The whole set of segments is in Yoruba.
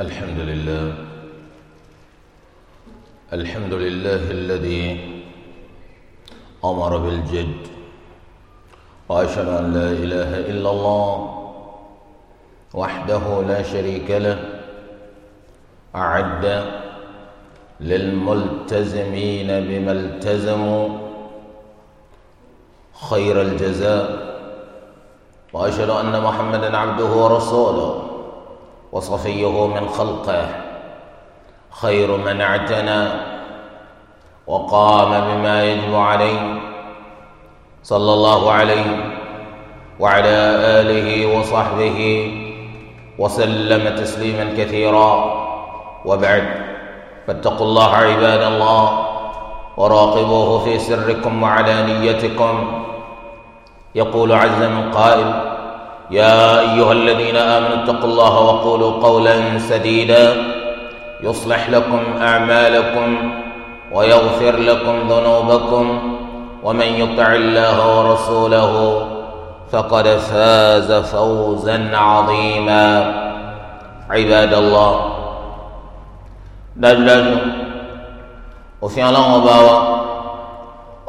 الحمد لله الحمد لله الذي أمر بالجد وأشهد أن لا إله إلا الله وحده لا شريك له أعد للملتزمين بما التزموا خير الجزاء وأشهد أن محمدا عبده ورسوله وصفيه من خلقه خير من اعتنى وقام بما يجب عليه صلى الله عليه وعلى اله وصحبه وسلم تسليما كثيرا وبعد فاتقوا الله عباد الله وراقبوه في سركم وعلانيتكم يقول عز من قائل يا ايها الذين امنوا اتقوا الله وقولوا قولا سديدا يصلح لكم اعمالكم ويغفر لكم ذنوبكم ومن يطع الله ورسوله فقد فاز فوزا عظيما عباد الله دجاج òfin ọlọ́run ọba wa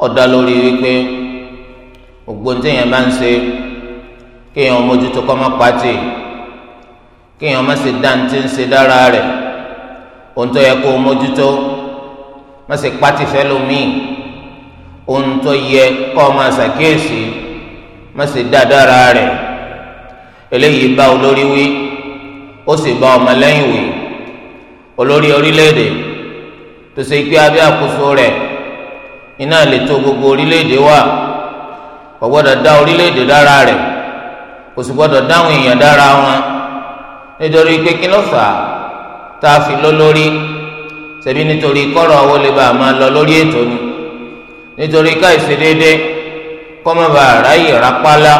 ọ̀dà lórí wípé ògbóǹtẹ̀yìn máa kéèyàn mójútó kọ́ má pàtì kéèyàn má ṣe dáńtí ń se dára rẹ̀ ohun tó yẹ kó mójútó má ṣe pàtì fẹ́lómìn ohun tó yẹ kọ́ máa ṣàkíyèsí má ṣe dá dára rẹ̀ eléyìí bá olórí wí ó sì bá ọmọlẹ́yìn wí olórí orílẹ̀-èdè tó ṣe pé abẹ́ àkóso rẹ̀ iná lè tó gbogbo orílẹ̀-èdè wà kò gbọ́dọ̀ dá orílẹ̀-èdè dára rẹ̀ kò sì gbọ́dọ̀ dáhùn èèyàn dára wọn nítorí pé kí ló fà á tá a fi lọ lórí ṣebí nítorí kọ́rọ̀ owó lè bá a máa lọ lórí ètò ni nítorí káìsí déédéé kọ́mọba ráyè rápálá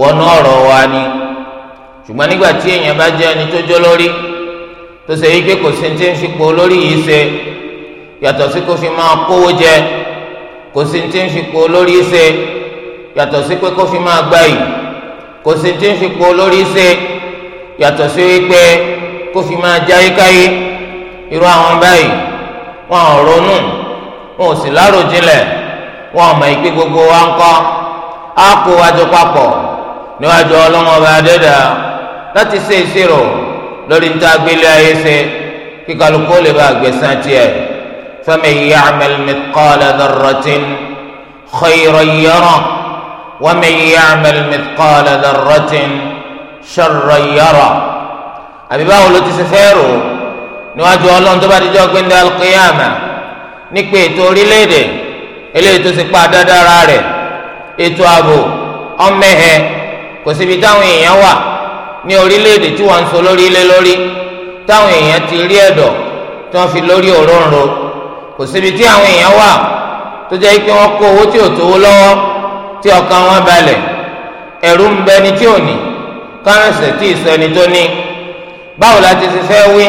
wọnú ọ̀rọ̀ wa ni ṣùgbọ́n nígbà tí èèyàn bá jẹ́ ẹni tó jọ́ lórí tó ṣe yí pé kò sí ti ń fipò olórí yìí ṣe yàtọ̀ sí kó fi máa kówó jẹ kò sí ti ń fipò olórí ṣe yàtọ̀ sí pé kó fi máa gbá yìí kò sì ti ń fipò lórí ṣe yàtọ̀ sí wípé kó fi máa jẹ ayíkáyé irú àwọn báyìí wọn ò ronú wọn ò sì láròjinlẹ̀ wọn ò mọ̀ ìpè gbogbo wa ń kọ́ á kó wa jọ papọ̀ níwájú ọlọ́wọ́n ọba adẹ́dà láti ṣe ìṣirò lórí níta gbélé ayé ṣe kí kálukú lè bá gbẹ̀san tiẹ̀ faman ya'mal mithqala dharratin khayran ومن يعمل مثقال ذرة شرا يرى àbí báwo ló ti ṣe fẹ́ rò níwájú ọlọ́run tó bá dijọ́ gbẹ́ndé alqiyama nípa ètò orílẹ̀-èdè eléyìí tó ti pa dáadáa rẹ̀ ètò ààbò ọmẹhẹ kò síbi táwọn èèyàn wà ní orílẹ̀-èdè tí wọ́n ń so lórí ilé lórí táwọn èèyàn ti rí ẹ̀dọ̀ tí wọ́n fi lórí òróǹro kò síbi tí àwọn èèyàn wà tó jẹ́ pé wọ́n kó owó tí ò tówó lọ́wọ́ tí ọkàn wọn balẹ̀ ẹ̀rù ń bẹ ni tí ò ní kárànsì tí ìsọ ẹni tó ní báwo la ti ṣe fẹ́ wí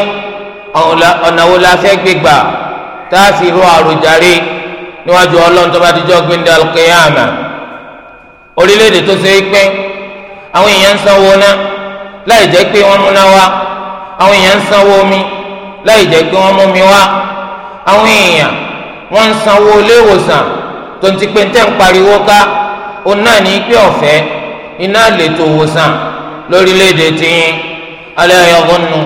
ọ̀nà la fẹ́ gbé gbà tá fi àròjàre níwájú ọlọ́run tó bá ti jọ́ gbéńdà al orílẹ̀-èdè tó ṣe é àwọn èèyàn ń sanwó ná láì jẹ́ pé wọ́n múná mi wá àwọn èèyàn wọ́n ń sanwó ilé ìwòsàn tó ń ti pé ń pariwo ká òun náà ní pé ọ̀fẹ́ iná lètò wòsàn lórílẹ̀‐èdè tiyín ala yadhunnu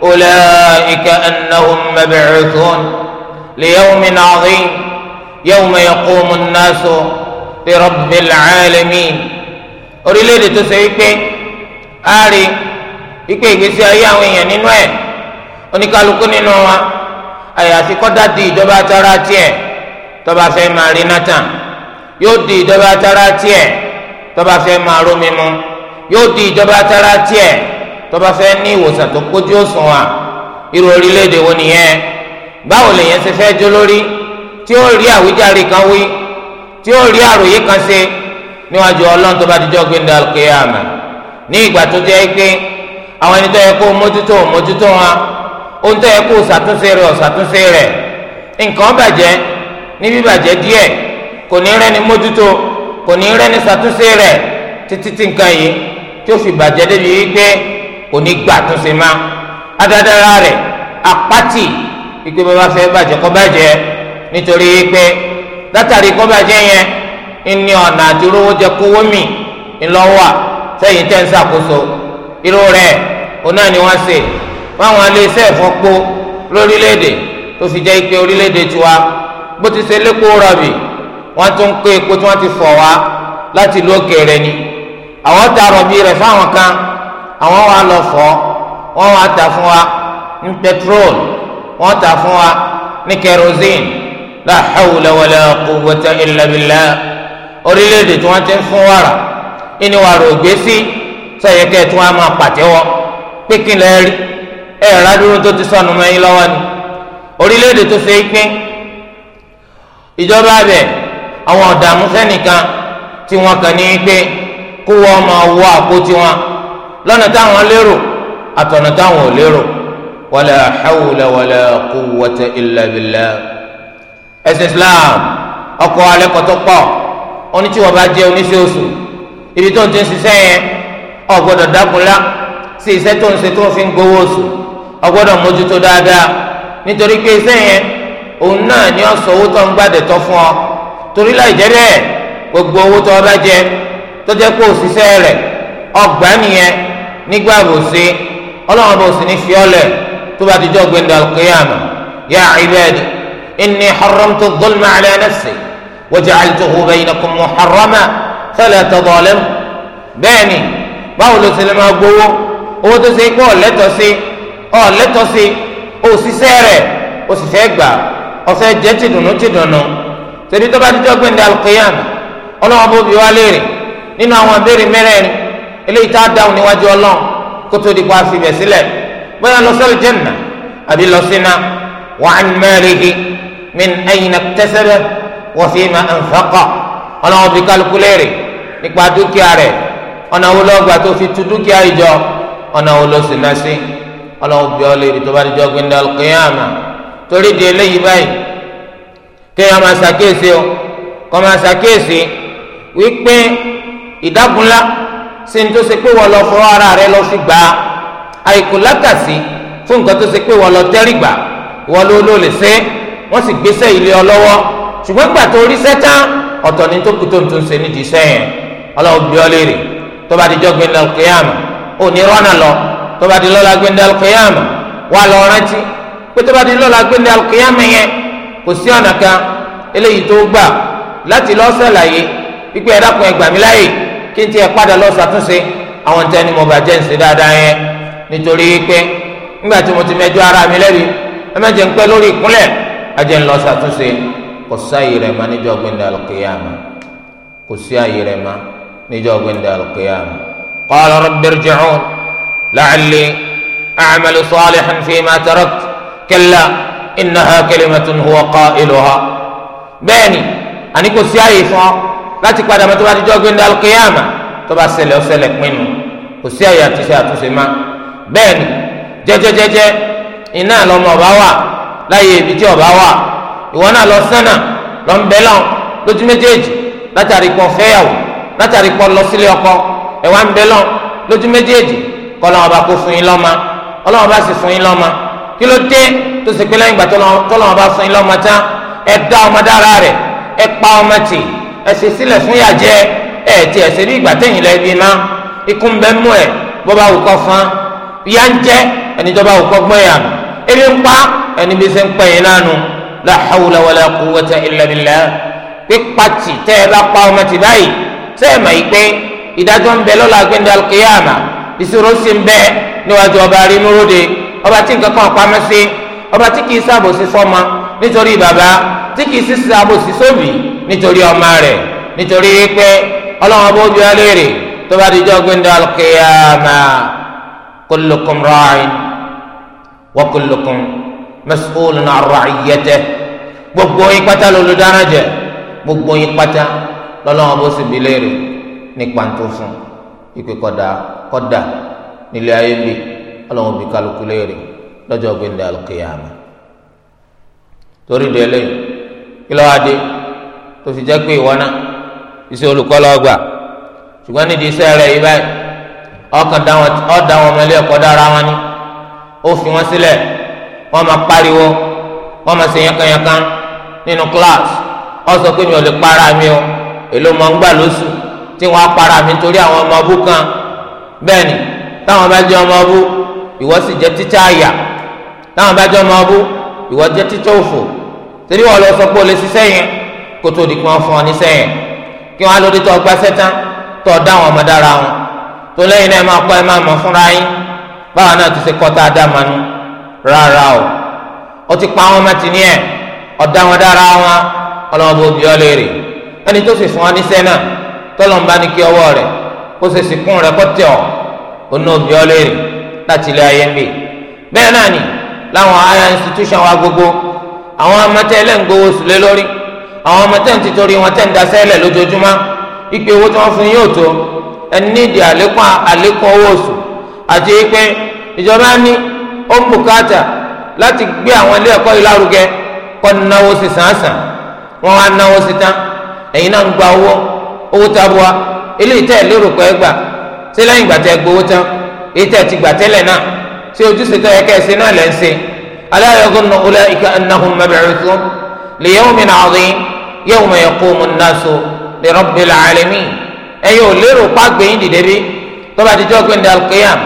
ulaika annahum mab'uthun li yawmin 'adhim yawma yaqumu an-nasu li rabbil 'alamin orílẹ̀‐èdè tó ṣe wípé a rí wípé ìgbésí ayé àwọn èèyàn nínú ẹ̀ oníkálukú wa àyàfi kọ́dá di ìjọba tara tiẹ̀ tọ́ba fẹ́ máa yóò di ìjọba tara tiẹ̀ tọba fẹ́ máa rómi mu yóò di ìjọba tara tiẹ̀ tọba fẹ́ ní ìwòsàn tó kójú òṣùwọ̀n irú orílẹ̀-èdè wo nìyẹn báwo lèyẹn ṣe fẹ́ jó lórí tí ó rí àwíjàre kan wí tí ó rí àròyé kan ṣe níwájú ọlọ́run tó bá dijọ́ gbẹ̀ndé alùkéyàmà ní ìgbà tó jẹ́ pé àwọn ẹni tó yẹ kó mójútó mójútó wọn ohun tó yẹ kó ṣàtúnṣe rẹ̀ ọ̀ṣàtúnṣe rẹ̀ nǹkan bàjẹ́ ní bíbàjẹ́ díẹ̀ kò ní rẹ́ni mójútó kò ní rẹ́ni ṣàtúnṣe rẹ̀ títí tí nǹkan yìí tí ó fi bàjẹ́ débi wípé kò ní gbà túnṣe má adádára rẹ̀ apáti wípé bàbá fẹ́ bàjẹ́ kó bàjẹ́ nítorí wípé látàrí kó bàjẹ́ yẹn ìní ọ̀nà àti olówó jẹ kówó mì ńlọ́wọ́ sẹ́yìn tẹ́ ń ṣàkóso irú rẹ̀ òun ni wọ́n ṣe fáwọn iléeṣẹ́ ìfọ́pó lórílẹ̀‐èdè tó fi jẹ́ pé orílẹ̀‐èdè tiwa bó ti ṣe lépo rọ̀bì wọ́n tún kó epo tí wọ́n ti fọ̀ wá láti ìlú òkèèrè ni àwọn ta rọ̀bì rẹ̀ fáwọn kan àwọn wa lọ fọ̀ wọ́n wá ta fún wa ní petrol wọ́n ta fún wa ní kerosene la hawla wala quwwata illa tí wọ́n ti ń fún wàrà ìní wàrà ògbé sí sọ̀yẹ kẹ́ tí wọ́n á máa pàtẹ́wọ́ pínpín lẹ́ẹ̀rí ẹ̀rọ adúrú tó ti sọnù mẹ́yìn lọ́wọ́ ni orílẹ̀ tó ṣe pín ìjọba bẹ́ẹ̀ àwọn ọ̀dààmú sẹ́nìkan tí wọ́n kàn ní pé kó wọ́n máa wọ àpótí wọn lọ́nà táwọn lérò àtọ̀nà táwọn ò lérò wala hawla wala quwwata illa Islam ọkọ̀ alẹ́kọ̀tọ́ pọ̀ oní bá jẹ́ oníṣẹ́ ibi tó ń ti ń ṣiṣẹ́ yẹn sí iṣẹ́ tó ń ṣe tó ń fi ń gbowó oṣù mójútó dáadáa nítorí pé iṣẹ́ torí láì jẹ́ bẹ́ẹ̀ gbogbo owó tó ọba jẹ tó jẹ́ kó òṣìṣẹ́ rẹ̀ ọgbà nìyẹn nígbà bòsí ọlọ́run bòsí ní fiọ́lẹ̀ tó bá ti jọ́ gbẹ̀ndà al-qiyamah ya ibadi inni haramtu adh-dhulma ala nafsi wa ja'altuhu baynakum muharrama fala tadhalamu bẹ́ẹ̀ni báwo ló ti máa gbowó owó tó ṣe pé ọ̀lẹ́tọ̀ sí ọ̀lẹ́tọ̀ sí òṣìṣẹ́ gbà ọ̀fẹ́ jẹ́ tìdùnnú tìdùnnú sẹ́ni tó bá ti jọ́gbìn ní alqiyama ọlọ́wọ́n bó bi wá léèrè nínú àwọn abéèrè mẹ́rẹ̀ẹ̀rin eléyìí tá a dáhùn níwájú ọlọ́run kó tó di pa àfihàn sílẹ̀ bóyá lọ sọ́lù jẹ́nà àbí lọ sínú wa an malihi min ayna iktasaba wa fima anfaqa ọlọ́wọ́n bí kálukú léèrè nípa dúkìá rẹ̀ ọ̀nà wo lọ́gbà tó fi tu dúkìá ìjọ ọ̀nà wo lọ sínú sí ọlọ́wọ́n bí ọ kéèyàn máa ṣàkíyèsí o kọ́ máa ṣàkíyèsí wípé ìdágunlá sí ní tó ṣe pé wọ́n lọ fọwọ́ ara rẹ lọ fi gbà á àìkú lákàsí fún nǹkan tó ṣe pé wọ́n lọ tẹ́rì gbà wọ́n ló ló lè ṣe wọ́n sì gbéṣẹ́ ilé ọ lọ́wọ́ ṣùgbọ́n gbà tó rí sẹ́tà ọ̀tọ̀ ni tó kù tó ń tó ń ṣe nídìí sẹ́yìn ọlọ́run gbé ọ léèrè tó bá di jọ́gbìn lẹ́lkìyàmù ò ní rọ́nà lọ tó bá di lọ́la gbìn lẹ́lkìyàmù wà lọ́ọ́ rántí pé tó bá di lọ́la gbìn lẹ́lkìyàmù yẹn kò sí ọ̀nà kan eléyìí tó gbà láti lọ sàlàyé wípé ẹ dákun kí n tiẹ̀ padà lọ ṣàtúnṣe àwọn tẹ́ ni mo bàjẹ́ ń ṣe dáadáa yẹn nítorí pé nígbà tí mo ti mẹjọ ara mi lẹ́bi ẹ ń pẹ́ lórí ìkúnlẹ̀ ajẹ́ ń lọ ṣàtúnṣe kò sáàyè rẹ̀ má níjọ́ gbẹ̀ndẹ̀ alùkìyàmù kò sí àyè rẹ̀ má níjọ́ gbẹ̀ndẹ̀ alùkìyàmù. qala rabbi irji'un innaha kalimatun huwa qailuha bẹ́ẹ̀ni àní kò sí àyè fún ọ láti padà mọ́ tó bá ti jọ́ gbé ndàlù kìyàmà tó bá ṣẹlẹ̀ ó ṣẹlẹ̀ pinnu kò sí àyè àtúnṣe àtúnṣe má bẹ́ẹ̀ni jẹ́jẹ́jẹ́jẹ́ iná lọmọ ọba wà láyé ibi tí ọba wà ìwọ náà lọ sánà lọ ń bẹ lọ́n lójú méjèèjì látàrí pọ̀ fẹ́yàwó látàrí pọ̀ lọ sílé ọkọ ẹ̀wà ń bẹ lọ́n lójú méjèèjì kọ́ lọ́wọ́ bá fún yín lọ́ma ọlọ́wọ́ bá sì fún yín lọ́ma kí ló dé tó ṣe pé lẹ́yìn ìgbà tọ́lọ́wọ́n bá fún yín lọ́mọ tán ẹ dá ọmọ dára rẹ̀ ẹ pa ọmọ tì ẹ sì sílẹ̀ fún yà jẹ ẹ ti ẹ̀ ṣe bí ìgbà tẹ̀yìn lẹ́ bí iná ikú ń bẹ mú ẹ bó bá wù kọ́ fún yá ń jẹ ẹni tó bá wù kọ́ gbọ́n yà nù ń pa ẹni bí ṣe ń pẹ́ yín nánu la hawla wala quwwata illa billah pípàtì tẹ́ ẹ bá pa ọmọ tì báyìí tẹ́ ẹ ọba tí nǹkan kan pamọ́ sí ọba tí kìí ṣàbòsí sọ́mọ nítorí bàbá tí kìí sì ṣàbòsí sóbì nítorí ọmọ rẹ̀ nítorí pé ọlọ́wọ́n bó bí ọlẹ́rẹ̀ tó bá di jọ́ gbẹ́ndé alqiyama kullukum ra'in wa kullukum mas'ulun 'an ra'iyyatihi gbogbo yín pátá lolùdáná jẹ gbogbo yín pátá bó sì bí léèrè nípa tó fún ìpè kọ́dà kọ́dà nílé ayé bíi ọlọ́wọ́n bí kálukú léèrè lọ́jọ́ gbẹ̀ndẹ̀ alùkìyàmù torí délé kí ló wá dé tó fi jẹ́ pé ìwọ náà iṣẹ́ olùkọ́ lọ́ọ́ gbà ṣùgbọ́n nídìí iṣẹ́ rẹ̀ yìí báyìí ọkàn ọ̀dà wọn ọmọ ilé ẹ̀kọ́ dára wọn ni ó fi wọn sílẹ̀ wọ́n máa pariwo wọ́n máa ṣe yankanyankan nínú kíláàsì ó sọ pé mi ò lè para mi o èló máa ń gbà lóṣù tí wọ́n á para mi torí àwọn ọmọ ọbú kan bẹ́ẹ̀ ni táwọn bá jẹ́ ọmọ ọbú ìwọ jẹ́ títí àyà táwọn bá jọ máa bú ìwọ jẹ títọ́ òfò torí wọn lọ sọ pé o lè ṣiṣẹ́ yẹn kó tó di kí wọ́n fún ọ níṣẹ́ yẹn kí wọ́n á lórí tó ọgbà sẹ́tàn tó ọ̀dá àwọn ọmọ dára wọn tó lẹ́yìn náà máa kọ́ ẹ máa mọ̀ fúnra yín báwa náà ti ṣe kọ́ta àdámanu rárá o ó ti pa àwọn ọmọ tì ní ẹ̀ ọ̀dá wọn dára wọn ọlọ́wọ́n bó ọ léèrè ẹni tó sì fún ọ níṣẹ́ náà tọ́lọ́mbá ní kí ọwọ́ rẹ̀ kó sì sìnkún rẹ̀ kọ́ tẹ̀ ọ́ òun náà ọ léèrè láti ilé ayé ń bè bẹ́ẹ̀ náà nìyí láwọn higher institution wa gbogbo àwọn amọ̀tẹ́ ẹlẹ́ ń lórí àwọn amọ̀tẹ́ ń tìtorí wọn tẹ́ ń dasẹ́ lẹ̀ lójoojúmọ́ owó tí wọ́n fún yóò tó ẹni nídìí àlékún àlékún owó oṣù àti pé ìjọba ní ó ń bùkátà láti gbé àwọn ilé ẹ̀kọ́ yìí kọ́ náwó sí sàǹsàn wá náwó sí tán ẹ̀yin náà gba owó owó tabua lérò ṣé ojúṣe tó yẹ ká ẹsẹ náà lẹ ń ṣe ala yazunnu ulaika annahum mab'uthun li yawmin 'azim yawma yaqumu an-nasu li rabbil 'alamin ẹ̀yin ò lérò pàgbé yín dìde bí tọ́ba ti jọ́ gbẹ̀ndẹ̀ al-qiyam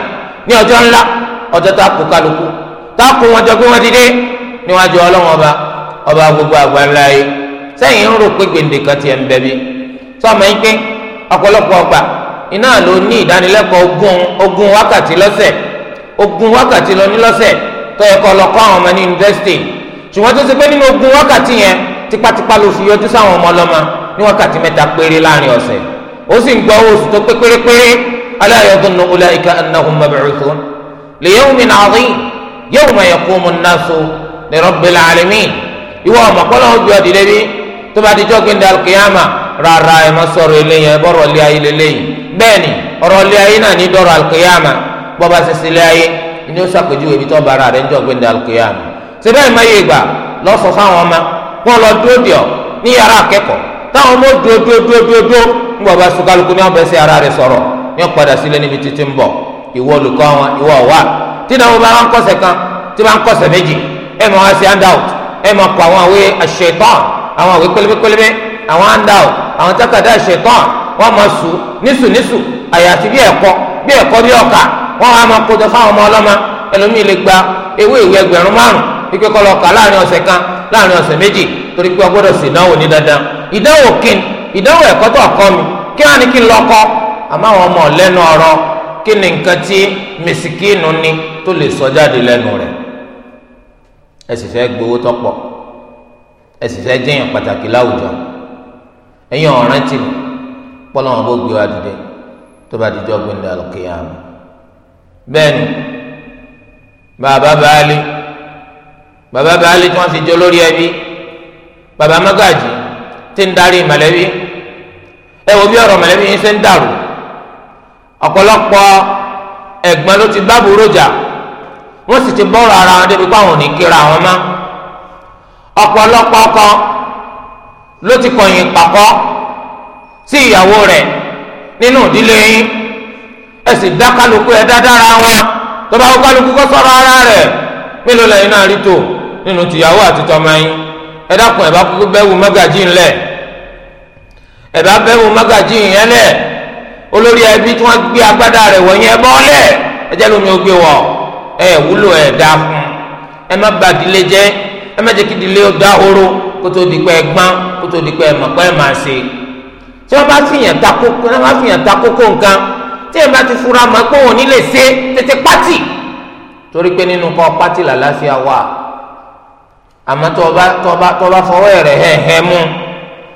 ní ọjọ́ ńlá ọjọ́ tá a kú kálukú tá a kú wọn jọ pé wọ́n dìde níwájú ọlọ́wọ́n ọba ọba gbogbo àgbáńlá yìí sẹ́yìn ń rò pé gbẹ̀ndẹ̀ kan ń bẹ bí sọ́ọ̀mọ́ ọ̀pọ̀lọpọ̀ ọgbà iná ló ní ìdánilẹ́kọ̀ọ́ ogún wákàtí lọ́sẹ̀ ogún wákàtí lọ ní lọ́sẹ̀ tó yẹ kó lọ kọ́ àwọn ọmọ ní yunifásitì ṣùgbọ́n tó ṣe pé nínú ogún wákàtí yẹn tipátipá ló fi yọjú sáwọn ọmọ ọlọ́mọ ní wákàtí mẹ́ta péré láàrin ọ̀sẹ̀ ó sì ń gbọ́ oṣù tó pé pérépéré ala yadhunnu ulaika annahum mab'uthun li yawmin 'azim yawma yaqumu an-nasu li rabbil 'alamin ìwọ ọmọ kọ́lá ojú ọ̀dìdẹ́ bí tó bá dijọ́ gbẹ̀ndẹ̀ al rárá ẹ̀ má sọ̀rọ̀ eléyìí ẹ̀ bọ́rọ̀ lé ayé lélẹ́yìí bẹ́ẹ̀ ni ọ̀rọ̀ lé ayé náà ní dọ́rọ̀ al bọ́ba sẹsẹlẹ̀ ayé ni ó sàpèjúwe ibi tó bara rẹ̀ ń jọ gbẹ̀ndẹ̀ alukóyàm síbẹ̀ ìmọ̀ yìí gbà lọ́sọ fáwọn ọmọ wọn lọ dúró dìọ ní yàrá akẹ́kọ̀ọ́ táwọn ọmọ dúró dúró dúró dúró dúró ń bọ̀ bá sukaluku ní ọbẹ̀ sí ara rẹ̀ sọ̀rọ̀ ní ọ̀padà sílẹ̀ níbi títí ń bọ̀ ìwọ olùkọ́ wọn ìwọ ọ̀wà tí náà wọn bá wọn kọ́sẹ̀ kan tí wọn kọ́sẹ̀ méjì ẹ mọ̀ wá sí handout ẹ mọ̀ kọ́ àwọn àwé àṣetán àwọn àwé pélébépélébé àwọn handout àwọn tákàdá àṣetán wọn mọ̀ sùn nísù nísù bí ẹ̀kọ́ bí ẹ̀kọ́ bí ọ̀ka wọn á máa kójọ fáwọn ọmọ ọlọ́mọ ẹlòmíì lè gba ewé ìwé ẹgbẹ̀rún márùn wípé kọ́ lọ kà láàrin ọ̀sẹ̀ kan láàrin ọ̀sẹ̀ méjì torí pé ọgbọ́dọ̀ sì náwó ní dandan ìdánwò kín ìdánwò ẹ̀kọ́ tó ọkọ mi kí wọ́n á ní kí n lọ́kọ́ àmọ́ àwọn ọmọ lẹ́nu ọ̀rọ̀ kí ni nǹkan tí mẹsìkínù ni tó lè sọ jáde lẹ́nu rẹ̀ ẹ sì fẹ́ gbowó tọ́pọ̀ ẹ sì fẹ́ jẹ́yàn pàtàkì láwùjọ ẹ̀yàn ọ̀rántì pọ́lọ́wọ́n bó gbé wa dìde tó bá dìjọ́ gbé ní alùkìyàmù bẹ́ẹ̀ni baba baali, baba baali tí wọ́n fi jọ lórí ẹbí bàbá mágàjì tí ń darí mọ̀lẹ́bí ẹ wo bí ọ̀rọ̀ mọ̀lẹ́bí yín ṣe ń dàrú ọ̀pọ̀lọpọ̀ ẹ̀gbọ́n ló ti bá burú jà wọ́n sì ti bọ́ọ̀rọ̀ ara wọn débi pé ò ní kíra àwọn mọ́ ọ̀pọ̀lọpọ̀ ọkọ ló ti kọ̀yìn pàkọ́ sí ìyàwó rẹ̀ nínú ìdílé yín. ẹ sì dá kálukú ẹ dáadáa wọn tọ́ba kó kálukú ara rẹ̀ mélòó lẹ́yìn náà rí tó nínú tìyàwó àti tọmọ yín ẹ dákun ẹ bá bẹ́wù mágàjì ńlẹ̀ ẹ bá bẹ́wù mágàjì yẹn lẹ̀ olórí ẹbí tí wọ́n gbé agbádá wọ̀ yẹn bọ́ lẹ̀ ẹ jẹ́ lómi wọ̀ ẹ wúlò ẹ tí èèyàn bá ti fura mọ́ pé òun ò ní lè ṣe tètè pátì torí pé nínú kọ́ pátì làlàáfíà wà àmọ́ tó o bá tó o bá tó o bá fọwọ́ rẹ̀ hẹ́ hẹ́ mú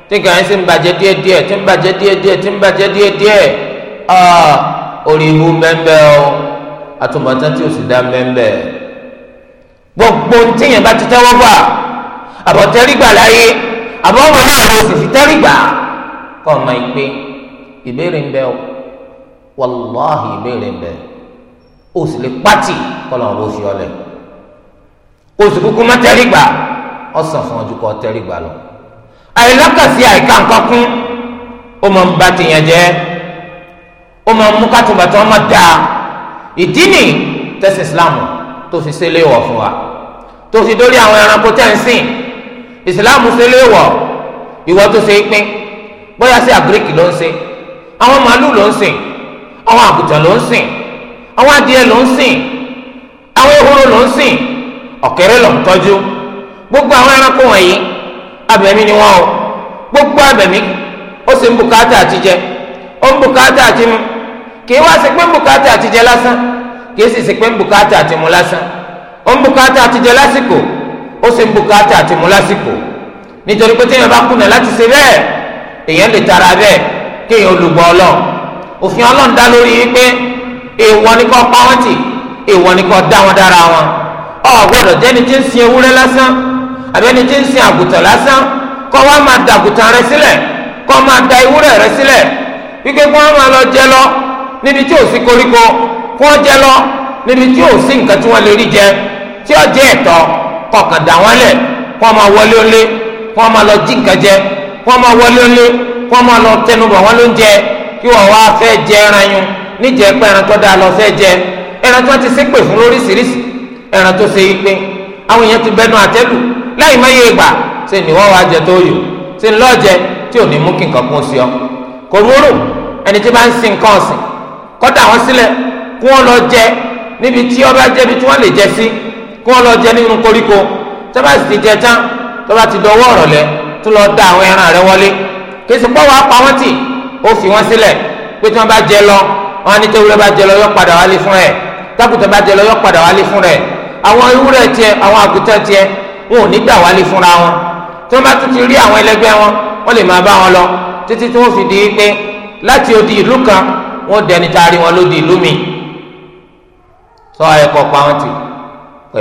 tí nǹkan yẹn sì ń bàjẹ́ díẹ̀ díẹ̀ tí ń bàjẹ́ díẹ̀ díẹ̀ tí ń bàjẹ́ díẹ̀ díẹ̀ orí ihu mbẹ́mbẹ́ o àtúmọ̀tán tí o sì dá mbẹ́mbẹ́ gbogbo tíyẹn bá ti tẹ́wọ́ gbà àbọ̀tẹ́rìgbà láyé àbọ̀wọ̀ náà ló sì fi tẹ́rìgbà kọ́ ọ ìpè ìbéèrè ń bẹ́ o wàláhì ìbéèrè ń bẹ o sì lè pátì kọlọ̀ ọ̀bọ fi ọlẹ̀ o sì kúkú má tẹ́rí gbà ọ sàn fún ọjọ́ kọ́ tẹ́rí gbà lọ. àìlọ́kàsí àìká nǹkan kún ó máa ń ba tìyàn jẹ́ ó máa ń mú kátùbàtà ọmọ dáa ìdí nìyí tẹ́sí islam tó fi ṣe léèwọ̀ fún wa tó fi dórí àwọn ẹranko tẹ́ ń sìn islam ṣe léèwọ̀ ìwọ tó ṣe é pín bóyá sí àgíríkì ló ń ṣe àwọn màálù ló ń sìn àwọn àgùntàn ló ń sìn àwọn adìẹ ló ń sìn àwọn ehoro ló ń sìn ọ̀kẹ́rẹ́ ló ń tọ́jú gbogbo àwọn ẹranko wọ̀nyí abẹ̀mí ni wọ́n o gbogbo abẹ̀mí ó sì ń bùkátà àtijẹ ó ń bùkátà àtimu kì í wá sí pé ń bùkátà àtijẹ lásán kì í sì sí pé ń bùkátà àtimu lásán ó ń bùkátà àtijẹ lásìkò ó sì ń bùkátà àtimu lásìkò nítorí pé téèyàn bá kùnà láti ṣe bẹ́ẹ̀ èèyàn lè tara bẹ́ẹ̀ kéèyàn olùgbọ́ ọlọ́run òfin ọlọ́run dá lórí yìí pé èèwọ̀ ni kò pa wọ́n tì èèwọ̀ ni kò dá wọn dára wọn ọ jẹ́ni tí ń sin ewúrẹ́ lásán àbí ẹni tí ń sin àgùtàn lásán kọ́ wá máa da àgùtàn rẹ sílẹ̀ kọ́ máa da ewúrẹ́ rẹ sílẹ̀ wípé kí wọ́n máa lọ jẹ lọ níbi tí ò sí koríko kí wọ́n jẹ lọ níbi tí ò sí nǹkan tí wọ́n lè rí jẹ tí ó jẹ́ ẹ̀tọ́ kọ̀ọ̀kan dà wọ́n lẹ̀ kọ́ máa wọlé ó kọ́ máa lọ jí nǹkan jẹ kọ́ máa wọlé ó kọ́ máa lọ tẹnubọ̀ wọ́n ló ń jẹ kí wọ́n wá fẹ́ jẹ ẹran yun níjẹ pé ẹran tó dáa lọ fẹ́ jẹ ẹran tó ti ṣépè fún lóríṣiríṣi ẹran tó ṣe yí pé àwọn èèyàn ti bẹnu àtẹ́lù láì má yé gbà ṣe ni wọ́n wá jẹ tó yò ṣe ń lọ́ọ̀jẹ tí ò ní mú kí nǹkan kún sí ọ kò rúurú ẹni tí bá ń sin nǹkan ọ̀sìn kọ́tà wọn sílẹ̀ kí wọ́n lọ jẹ níbi tí ọba jẹbi tí wọ́n lè jẹ sí kí wọ́n lọ jẹ nínú koríko tó sì ti jẹ tán tó ti dọwọ́ ọ̀rọ̀ tó lọ da àwọn ẹran rẹ wọlé kí sì wàá pa wọ́n tì ó fi wọn sílẹ̀ pé tí wọ́n bá jẹ lọ wọ́n á ní tewúrẹ́ bá jẹ lọ yọ padà wálé fún rẹ̀ tákùtà bá jẹ lọ yọ padà wálé fún rẹ̀ àwọn ewúrẹ́ tiẹ̀ àwọn àgùntàn tiẹ̀ wọn ò ní gbà wálé fúnra wọn tí wọ́n bá tún ti rí àwọn ẹlẹgbẹ́ wọn wọ́n lè máa bá wọn lọ títí tí wọ́n fi di pé láti odi ìlú kan wọ́n dẹni taari wọn lódi ìlú mi sọ ẹ̀kọ́ pa wọn tì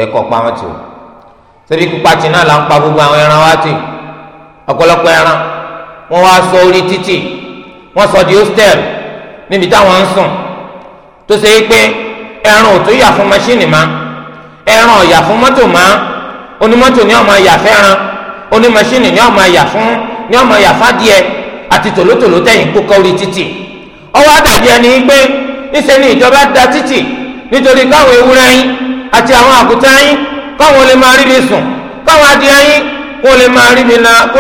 ẹ̀kọ́ pa wọn tì o torí pípa tì náà là ń pa gbogbo àwọn ẹran wa tì ọ̀pọ̀lọpọ̀ ẹran wọ́n wá sọ orí títì wọ́n sọ di hostel níbi táwọn ń sùn tó ṣe é pé ẹran ò tó yà fún mọ́ṣíìnì má ẹran ọ̀yà fún mọ́tò má onímọ́tò ni ọmọ yà fẹ́ràn onímọ́ṣíìnì ni ọmọ yà fún ni ọmọ yà fádìẹ àti tòlótòló tẹ̀yìn kó orí títì ọwọ́ àdàbí ẹni pé níṣẹ́ ni ìjọba da títì nítorí káwọn ewúrẹ́ yín àti àwọn àkútẹ́ yín káwọn lè máa rí mi sùn káwọn adìẹ yín kó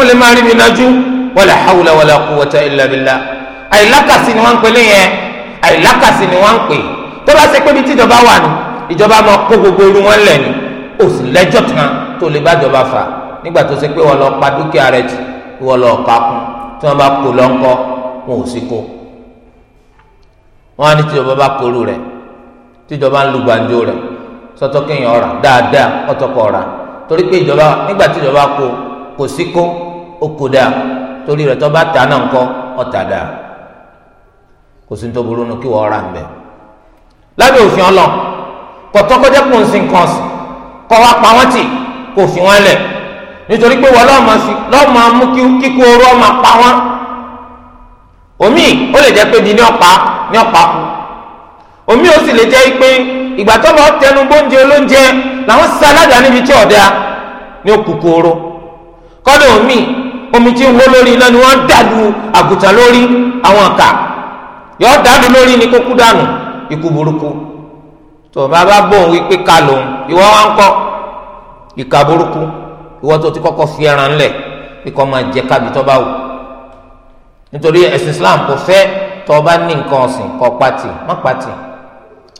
lè máa rí mi nájú wala hawla wala quwwata illa billah àìlákàsí ni wọ́n ń pè lé yẹn àìlákàsí ni wọ́n ń pè tó bá ṣe pé bí tíjọba wà ní ìjọba máa kó gbogbo irú wọn lẹ̀ ní òsì lẹ́jọ́ kan tó lè bá jọba fà nígbà tó ṣe pé wọ́n lọ pa dúkìá rẹ̀ jù wọ́n lọ pa kún tí wọ́n bá kó lọ́ńkọ́ wọn ò sí kó wọ́n á ní tíjọba bá kóró rẹ̀ tíjọba ń lu gbàǹjo rẹ̀ sọ́tọ̀ kéèyàn ọ̀rà dáadáa ọ̀tọ̀kọ̀ ọ̀rà torí pé ìjọba nígbà tíjọba kó kò sí kó ó kó dáa torí rẹ̀ tó bá tà náà ńkọ́ ọ̀tà dáa kò sí ní tó burú nu kí wọ́n ra mbẹ́ lábẹ́ òfin ọlọ kọ̀tọ́kọ́jẹ́ kò ń sin kan kọ́ wa pa wọ́n tì kò fi wọ́n lẹ̀ nítorí pé wọ́n lọ́ọ́ máa mú kíkú orú ọmọ pa wọ́n omi ó lè jẹ́ pé di ní ọ̀pá ní ọ̀pá kú omi ó sì lè jẹ́ pé ìgbà tó lọ́ọ́ tẹnu bóúnjẹ olóúnjẹ làwọn sá aládàá níbi tí ọ̀dà ní òkùnkùn oró kọ́dọ̀ omi omi tí ń wó lórí iná ni wọ́n dàlú àgùntàn lórí àwọn ọ̀kà yọ dànù lórí ni kó kú dànù ikú burúkú tó bàbá bòun wípé ká lòun ìwọ wa ń kọ ìka burúkú ìwọ tó ti kọ́kọ́ fi ẹran ńlẹ̀ kíkọ́ máa jẹ kábi tó bá wù nítorí ẹ̀sìn Islam kò fẹ́ tó bá ní nǹkan ọ̀sìn kọ́ pati má pati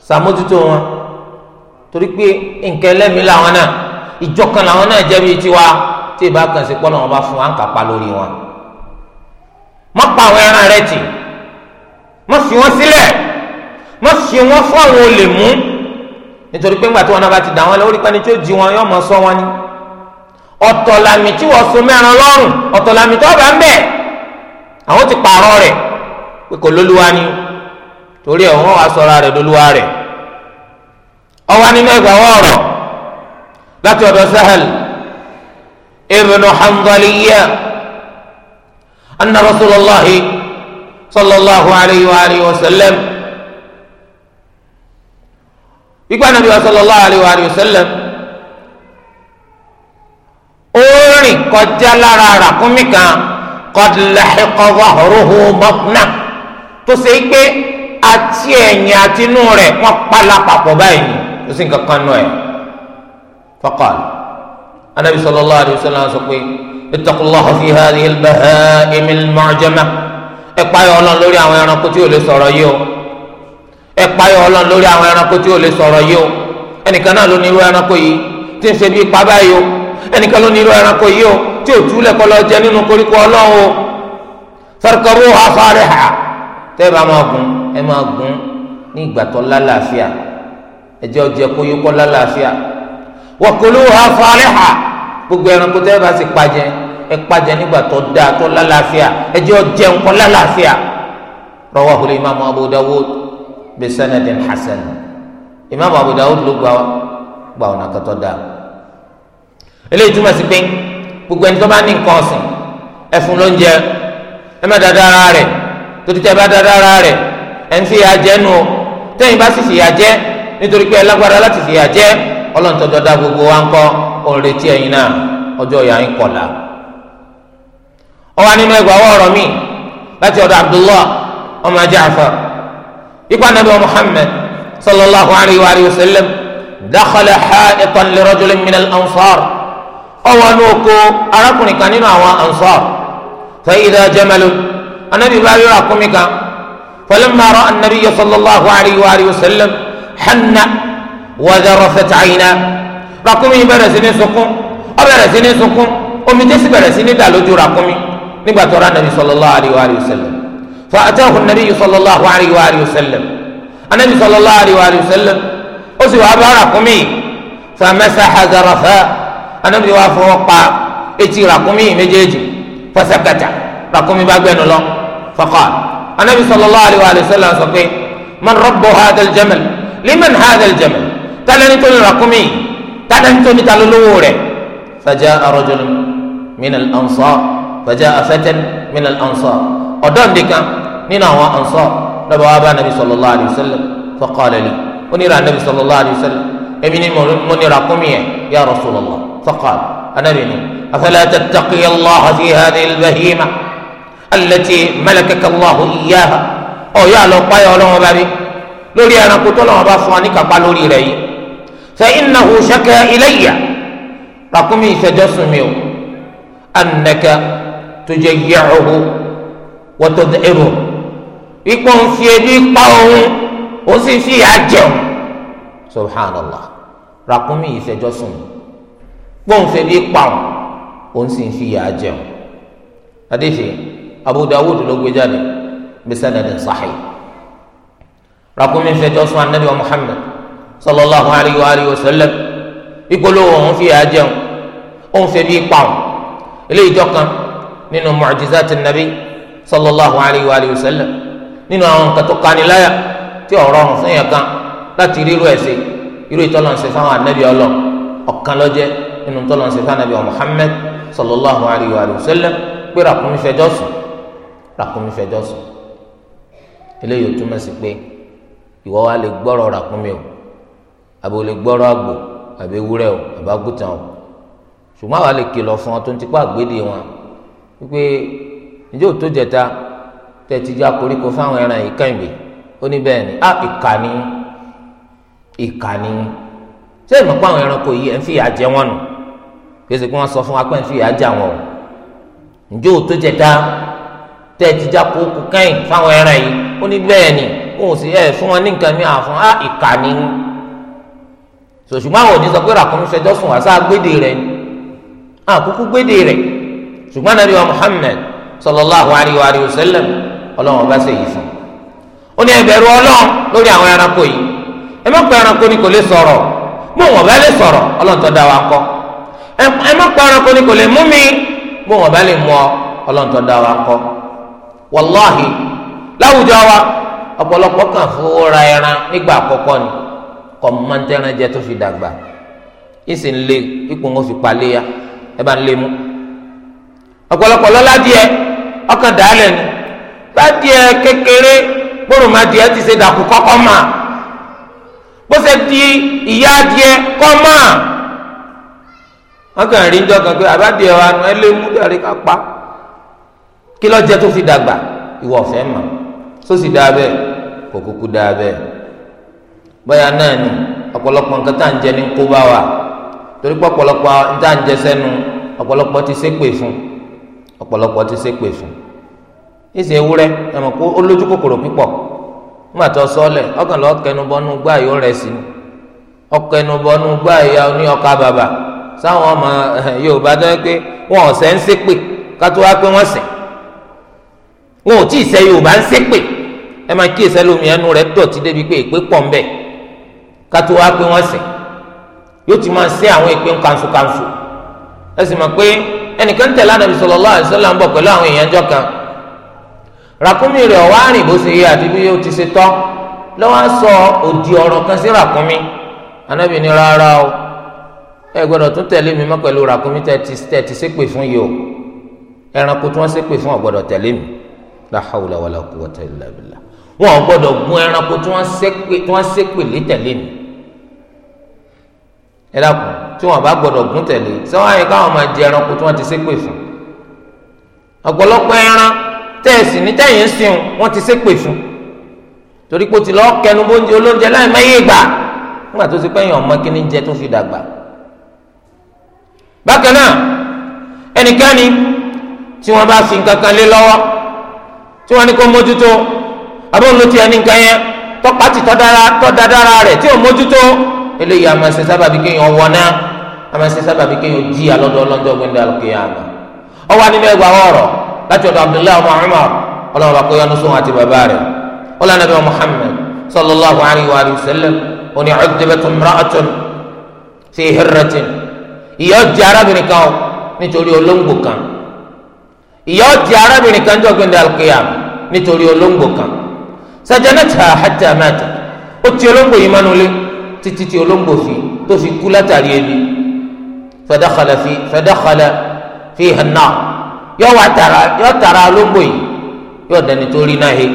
sàmójútó wọn torí pé nǹkan ẹlẹ́mìí làwọn náà ìjọ kan làwọn náà jẹ́ bíi tiwa tí ìbá kan sí pọ́nà wọn bá fún wa ń kápá lórí wọn má pa àwọn ẹran rẹ tì má fi wọn sílẹ̀ má fi wọn fún àwọn olè mú nítorí pé ńgbà tí wọn náà bá ti dà wọn lọ pẹ́ni tí ó jí wọn yóò mọ sọ wọn ni ọ̀tọ̀ tí wọ́n so mẹ́ran lọ́rùn ọ̀tọ̀ tó bá ń bẹ̀ àwọn ti pààrọ̀ rẹ̀ pé kò lóluwa ni torí ẹ̀ wọ́n wá sọ̀rọ̀ rẹ̀ lóluwa rẹ̀ ọwọ́ nínú ẹgbàá ọ̀rọ̀ láti ọ̀dọ̀ sahel ibnu hanzaliya anna rasulallah sallallahu alayhi wa alayhi wa sallam ikú anabi wa sallallahu alayhi wa alayhi wa sallam orin kọjá lára ràkúnmí kan qad lahiqa dhahruhu batna tó ṣe pé àti ẹ̀yìn àti inú rẹ̀ wọ́n pala papọ̀ báyìí tó sì ń kankan nù ẹ̀ faqal anabi sallallahu alayhi wa sallam sọ pé ittaqullaha fi hadhihi al-baha'im al ẹ páyọ̀ Ọlọ́run lórí àwọn ẹranko tí ò lè sọ̀rọ̀ yìí o ẹ páyọ̀ Ọlọ́run lórí àwọn ẹranko tí ò lè sọ̀rọ̀ yìí o ẹnìkan náà ló ní irú ẹranko yìí tí ń ṣe bí ipa báyìí o ẹnìkan ló ní irú ẹranko yìí o tí ò túlẹ̀ kọ́ lọ jẹ nínú koríko Ọlọ́run o sọ̀rọ̀kọ̀rọ̀ afárẹ́ ha tẹ́ ẹ bá máa gùn ẹ máa gùn ní ìgbà lálàáfíà ẹ pa jẹ́ ẹ pàjẹ́ nígbà tó dáa tó lálàáfíà ẹ jẹ́ ọ jẹun kọ́ lálàáfíà rawahu al-imam abu dawud bi sanadin hasan imam abu dawud ló gba gba ọ̀nà kan tó dáa eléyìí túmọ̀ sí pé gbogbo ẹni tó bá ní nǹkan ọ̀sìn ẹ fún lóúnjẹ ẹ má dáadáa ara rẹ̀ tó ti tẹ́ ẹ bá dáadáa ara rẹ̀ ẹ ń fi ìyà jẹ nù tẹ́yìn bá sì fìyà jẹ nítorí pé ẹ lágbára láti fìyà jẹ ọlọ́run tó gbogbo wa ń kọ́ òun ẹ̀yin náà ọjọ́ ìyá yín kọ̀ọ̀la ọwọ́ nínú ẹgbàá ọ̀rọ̀ mi láti ọ̀dọ̀ abdullah ọmọ jaafar ikú anabi muhammed sallallahu alayhi wa alayhi wa sallam dakhala ha'itan li rajulin min al-ansar ọwọ́ ní oko arákùnrin kan nínú àwọn ansar fa idha jamalu anabi bá rí ràkúnmí kan falamma ra'a an-nabiy sallallahu alayhi wa alayhi wa sallam hanna wa dharafat 'ayna ràkúnmí bẹ̀rẹ̀ sí ní sunkún ó bẹ̀rẹ̀ sí ní sunkún omi tẹ́sí bẹ̀rẹ̀ sí ní dà lójú nígbà tó ra nàbí sallallahu alayhi wa sallam fa ataahu nàbí sallallahu alayhi wa sallam anabi sallallahu alayhi wa sallam ó sì wàá bá ràkúnmí fa masaha zarafa anabi wàá fọwọ́ pa etí ràkúnmí méjèèjì fa sakata ràkúnmí bá gbẹnu lọ fa qala anabi sallallahu alayhi wa sallam sọ pé man rabbu hadal jamal liman hadal jamal tálẹ́ni tó ní ràkúnmí fàjà àfẹ́tẹ́ min al-ansar ọ̀dọ́ nìkan nínú àwọn ansar lọ́ba wa bá nàbí sallallahu alayhi wa sallam faqala li ó nira nàbí sallallahu alayhi wa sallam èmi eh, ni mo nira kúmi yẹn eh? ya rasulallah faqala anabi ni afala tattaqi allah fi hadhihi al-bahima allati malakaka allah iyyaha ọ̀ yà lọ páyọ̀ ọlọ́wọ́n bá rí lórí ẹranko tó lọ́wọ́ bá fún wa ní kápá lórí rẹ̀ yìí fa innahu shaka ilayya ràkúnmí ìṣẹ́jọ́sùn mi o annaka tujayyi'uhu wa tud'iruhu ikú ń fi ebi pa òun ó sì fi ìyà jẹun subhanallah ràkúnmí ìfẹjọ sùn gbọ́n fi ebi pa òun ó sì fi ìyà jẹun adéfì Abu Dawud ló gbé jáde bi sanadin sahih ràkúnmí ìfẹjọ sùn anabi wa Muhammad sallallahu alayhi wa alihi wa sallam ìpolówó òun fi ìyà jẹun òun fi ebi pa òun eléyìí jọ kan nínú mu'jizati nabi sallallahu alayhi wa sallam nínú àwọn nǹkan tó kaniláyà tí ọ̀rọ̀ ọ̀hún fún yẹn kan láti ríru ẹ̀ sí irú ìtọ́lọ́nsẹ̀ fáwọn anabi ọlọ ọ̀kan lọ́jẹ́ nínú ìtọ́lọ́nsẹ̀ fáwọn anabi Muhammad sallallahu alayhi wa sallam pé ràkúnmí fẹjọ́ sùn ràkúnmí fẹjọ́ sùn eléyìí ó túmọ̀ sí pé ìwọ wa lè gbọ́rọ̀ ràkúnmí o àbí o lè gbọ́rọ̀ àgbò àbí o àbí àgùtàn o ṣùgbọ́n àwa lè kìlọ̀ fún ọ tó ń tipa àgbédè wọn wípé ǹjẹ́ òtó jẹta tẹ̀tí ya koríko fáwọn ẹran ìkẹ́ǹgbè ó ní bẹ́ẹ̀ ni á ìkà ni ìkà ni ṣé ìmọ̀ pé àwọn ẹranko yìí ẹ̀ ń fìyà jẹ wọn nù kèsì kí wọ́n sọ fún wa pé ẹ̀ ń fìyà jẹ àwọn o ǹjẹ́ òtó jẹta tẹ̀tí ya koríko kẹ́yìn fáwọn ẹran yìí ó ní bẹ́ẹ̀ ni òun sì ẹ̀ fún wọn ní nǹkan mi àfún á ìkà ni sòṣùmọ́ àwọn òní sọ pé ràkúnmí fẹjọ́ sùn wá sáà gbédè rẹ̀ àkúkú gbédè rẹ̀ ṣùgbọ́n nàbí wa Muhammad sallallahu alayhi wa sallam ọlọ́run ọba ṣe yìí fún un ó ní ẹbẹ̀rù ọlọ́run lórí àwọn ẹranko yìí ẹ má pa ẹranko ni kò lè sọ̀rọ̀ bó wọn bá lè sọ̀rọ̀ ọlọ́run tó dá wa kọ́ ẹ má pa ẹranko ni kò lè mú mi bó wọn bá lè mú ọ ọlọ́run tó dá wa kọ́ wàláhì láwùjọ wa ọ̀pọ̀lọpọ̀ kan fowóra ẹran nígbà àkọ́kọ́ ni kọ́ mọ́ntẹ́ran jẹ tó fi dàgbà ìsìn ọ̀pọ̀lọpọ̀ lọ́la díẹ̀ ọkàn dàálẹ̀ ni ládìẹ kékeré gbórùmá díẹ̀ ti ṣe dàkú kọ́kọ́ mà bó ṣe di ìyá díẹ̀ kọ́ mà wọn rí njọ kan pé àbádìẹ wa nu ẹ lé mú dàrí ká pa kí ló jẹ tó fi dàgbà ìwọ ọ̀fẹ́ mà sósì dáa bẹ́ẹ̀ kò kúkú dáa bẹ́ẹ̀ bóyá náà ni ọ̀pọ̀lọpọ̀ nǹkan tá à ń jẹ ní kó bá wa torí pé ọ̀pọ̀lọpọ̀ nǹkan tá à ń jẹ sẹ́nu ọ̀pọ̀lọpọ̀ ti ṣépè fún un ọpọlọpọ ti ṣe pè fún ìsìn ewúrẹ́ ẹ̀mọ̀ kó olójú kòkòrò pípọ̀ nígbà tó sọ́ọ̀lẹ̀ ọkàn lọ́ọ́ kẹnubọ́nú gbáàyò rẹ̀ sí ọkà bàbà sáwọn ọmọ eh, Yorùbá tó yẹ pé wọn ọ̀sẹ̀ ń kátó wá pé wọn ò tí ì Yorùbá ń ẹ máa ẹnu débi pé kátó wá pé yóò ti máa ṣe àwọn ẹnìkan tẹ̀lé anabi sallallahu alaihi wasallam ń bọ̀ pẹ̀lú àwọn èèyàn jọ kan ràkúnmí rẹ̀ ọ̀wá rìn bó ṣe yẹ àti bí ó ti ṣe tọ́ lọ́wọ́ sọ òdì ọ̀rọ̀ kan sí ràkúnmí anabi ní rárá o ẹ gbọ́dọ̀ tún tẹ̀lé mi mọ́ pẹ̀lú ràkúnmí tẹ̀ ti ṣépè fún yìí o ẹranko tí wọ́n ṣépè fún ò gbọ́dọ̀ tẹ̀lé mi la hawla tẹ̀lé mi ẹ dàpọ̀ tí wọn bá gbọdọ̀ gún tẹ̀lé ṣé wọn àyè káwọn máa jẹ ẹranko tí wọn ti ṣépè fún ọ̀pọ̀lọpọ̀ ẹran tẹ̀sí ní tẹ̀yìn sìn wọn ti ṣépè fún torí pé o ti lọ kẹnu bóúnjẹ olóúnjẹ láì mẹ́yìn gbà nígbà tó ti pẹ́ yàn ọmọ kíní jẹ tó fi dàgbà. bákan náà ẹnikẹ́ni tí wọ́n bá fi nǹkan kan lé lọ́wọ́ tí wọ́n ní kó mójútó àbí òun ló ti ẹni nǹkan yẹn tọ́pá ti tọ́ dára rẹ̀ tí ò mójútó eléyìí a máa ṣe sábàbí kéèyàn wọ náà a máa ṣe sábàbí kéèyàn jí alọ́dọ̀ ọlọ́jọ́ gbẹ̀ndẹ̀ alùkìyàmà ọwọ́ anínú ẹgbà ọ̀rọ̀ láti ọ̀dọ̀ abdullahi ọmọ umar ọlọ́wọ́ bàkọ́ yanu sóhun àti bàbá rẹ̀ ọlọ́wọ́ nàbẹ́ muhammed sallallahu alayhi wa sallam oní ọ̀dẹ́bẹ̀tún mìíràn fi hẹ́rẹ́tìn ìyá ọ̀jẹ̀ arábìnrin kan nítorí olóńgbò kan ìyá ọ̀jẹ̀ arábìnrin kan jọ gbẹ̀ndẹ̀ alùkìyàmà nítorí olóńgbò kan sàjẹ́nẹ́tà hàtà mẹ́ta ó ti olóńgbò yìí mọ́nulé títí tí olóńgbò fi tó fi kú látàrí ebi fẹdẹkọlẹ fi fẹdẹkọlẹ fi hàn náà yọ wà tara yọ tara olóńgbò yìí yọ dẹni tó rí náà he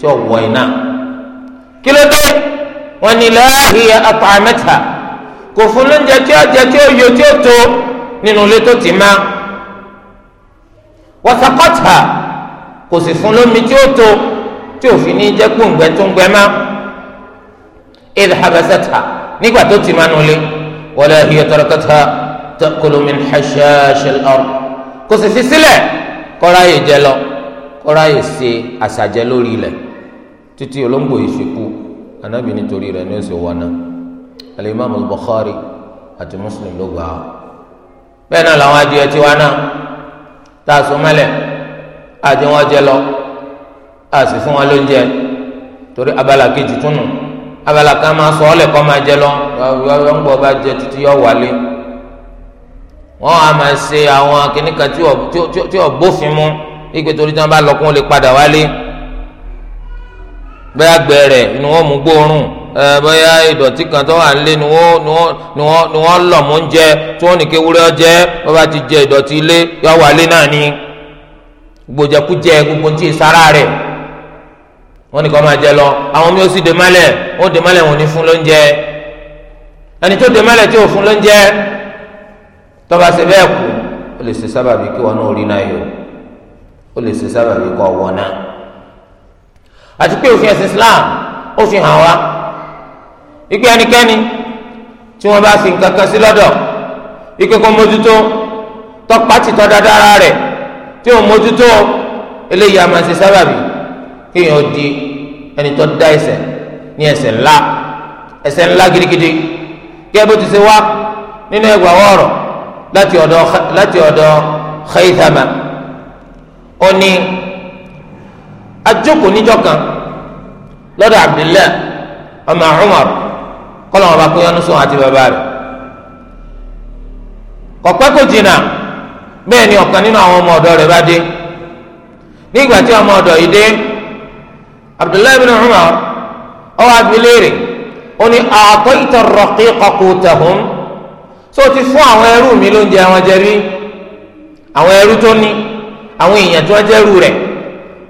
tí ó wọ iná kí ló dé wọn ni láàhìyà àtàmẹta kò fún lóúnjẹ tí ó jẹ tí ó yọ tí ó tó nínú ilé tó ti máa wọ́sàkọ́tà kò sì fún lómi tí ó tó tí òfin ní jẹ́ gbòǹgbẹ́ tó ń idh habasatha nígbà tó ti máa nulẹ̀ wala hiya tarakatha ta'kulu min hashash al-ard kò sì fi sílẹ̀ kọ́ra yìí jẹ lọ kọ́ra yìí ṣe àṣàjẹ lórí ilẹ̀ títí olóńgbò yìí ṣe kú anábì nítorí rẹ̀ ní oṣù wọn náà alimami Bukhari àti Muslim ló gbà á bẹ́ẹ̀ náà làwọn adìyẹ tiwa náà tá a sọ mẹ́lẹ̀ àti jẹ lọ a sì fún wọn lóúnjẹ torí abala kejì túnú abala kan máa sọ ọlẹ kọ máa jẹ lọ wọn gbọ bá jẹ títí yọ wálé wọn a máa ṣe àwọn kìnnìkan tí ò bófin mu ìgbé torí tí wọn bá lọ kó wọn lè padà wálé bóyá gbẹrẹ ni wọn mú gbóòórùn ẹ bóyá ìdọ̀tí kan tó wà nílé ni wọn lọ mú oúnjẹ tí wọn ní kí ewúrẹ́ jẹ wọn bá ti jẹ ìdọ̀tí ilé yọ wálé náà ni gbòjẹkújẹ gbogbo tí sára rẹ̀ wọ́n ní kó máa jẹ lọ àwọn mi ò sì dèmálẹ̀ ó dèmálẹ̀ wọn ò ní fún lóúnjẹ ẹni tó dèmálẹ̀ tí ò fún lóúnjẹ tó bá ṣe bẹ́ẹ̀ kú ó lè ṣe sábàbí kí wọn náà rí náà yọ ó lè ṣe sábàbí kó wọn náà àti pé òfin ẹ̀sìn Islam ó fi hàn wá ikú ẹnikẹ́ni tí wọ́n bá fi nǹkan kan sí lọ́dọ̀ ikú kó mójútó tọ́pá ti tọ́ dáadáa rẹ̀ tí ò mójútó eléyìí a máa ṣe kéèyàn di ẹni tó dá ẹ̀ṣẹ̀ ní ẹ̀ṣẹ̀ ńlá ẹ̀ṣẹ̀ ńlá gidigidi kí ẹ bó ti ṣe wá nínú ẹgbàá wọrọ láti ọ̀dọ̀ láti ọ̀dọ̀ Khaythama ó ní ajókòó níjọ́ kan lọ́dọ̀ Abdullah ọmọ Umar kọlọ wọn bá pín ọdún sóhun àti bàbá rẹ̀ kọpẹ kò jìnnà bẹ́ẹ̀ ni ọ̀kan nínú àwọn ọmọ ọ̀dọ̀ rẹ̀ bá dé nígbà tí ọmọ ọ̀dọ̀ yìí dé abdullahi bin umar ọwọ abiléèrè ó ní àtọ ìtọrọkì kọkùtàhùn tó ti fún àwọn ẹrú mi lóúnjẹ àwọn jẹrí àwọn ẹrú tó ní àwọn èèyàn tó jẹrú rẹ̀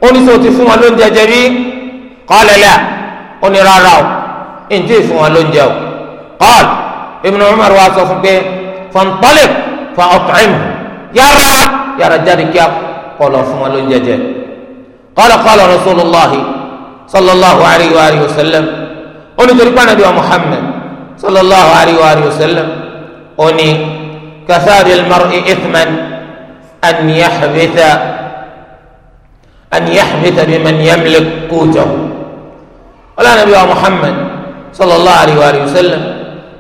ó ní tó ti fún wọn lóúnjẹ jẹrí kọlẹlẹ ó rárá o ǹjẹ́ ìfún wọn lóúnjẹ o kọl ibn umar wa sọ fún pé fọntọlẹ fọ ọtọrin yàrá yàrá jáde kí kọlọ fún wọn lóúnjẹ jẹ kọlọ kọlọ rasulillahi sallallahu alayhi wa alayhi wa sallam onítorí pé anabi wa muhammed sallallahu alayhi wa alayhi wa sallam oní kathari almar'i ithman an yaxbita an yaxbita biman yamlik kuutaw wala anabi wa muhammed sallallahu alayhi wa alayhi wa sallam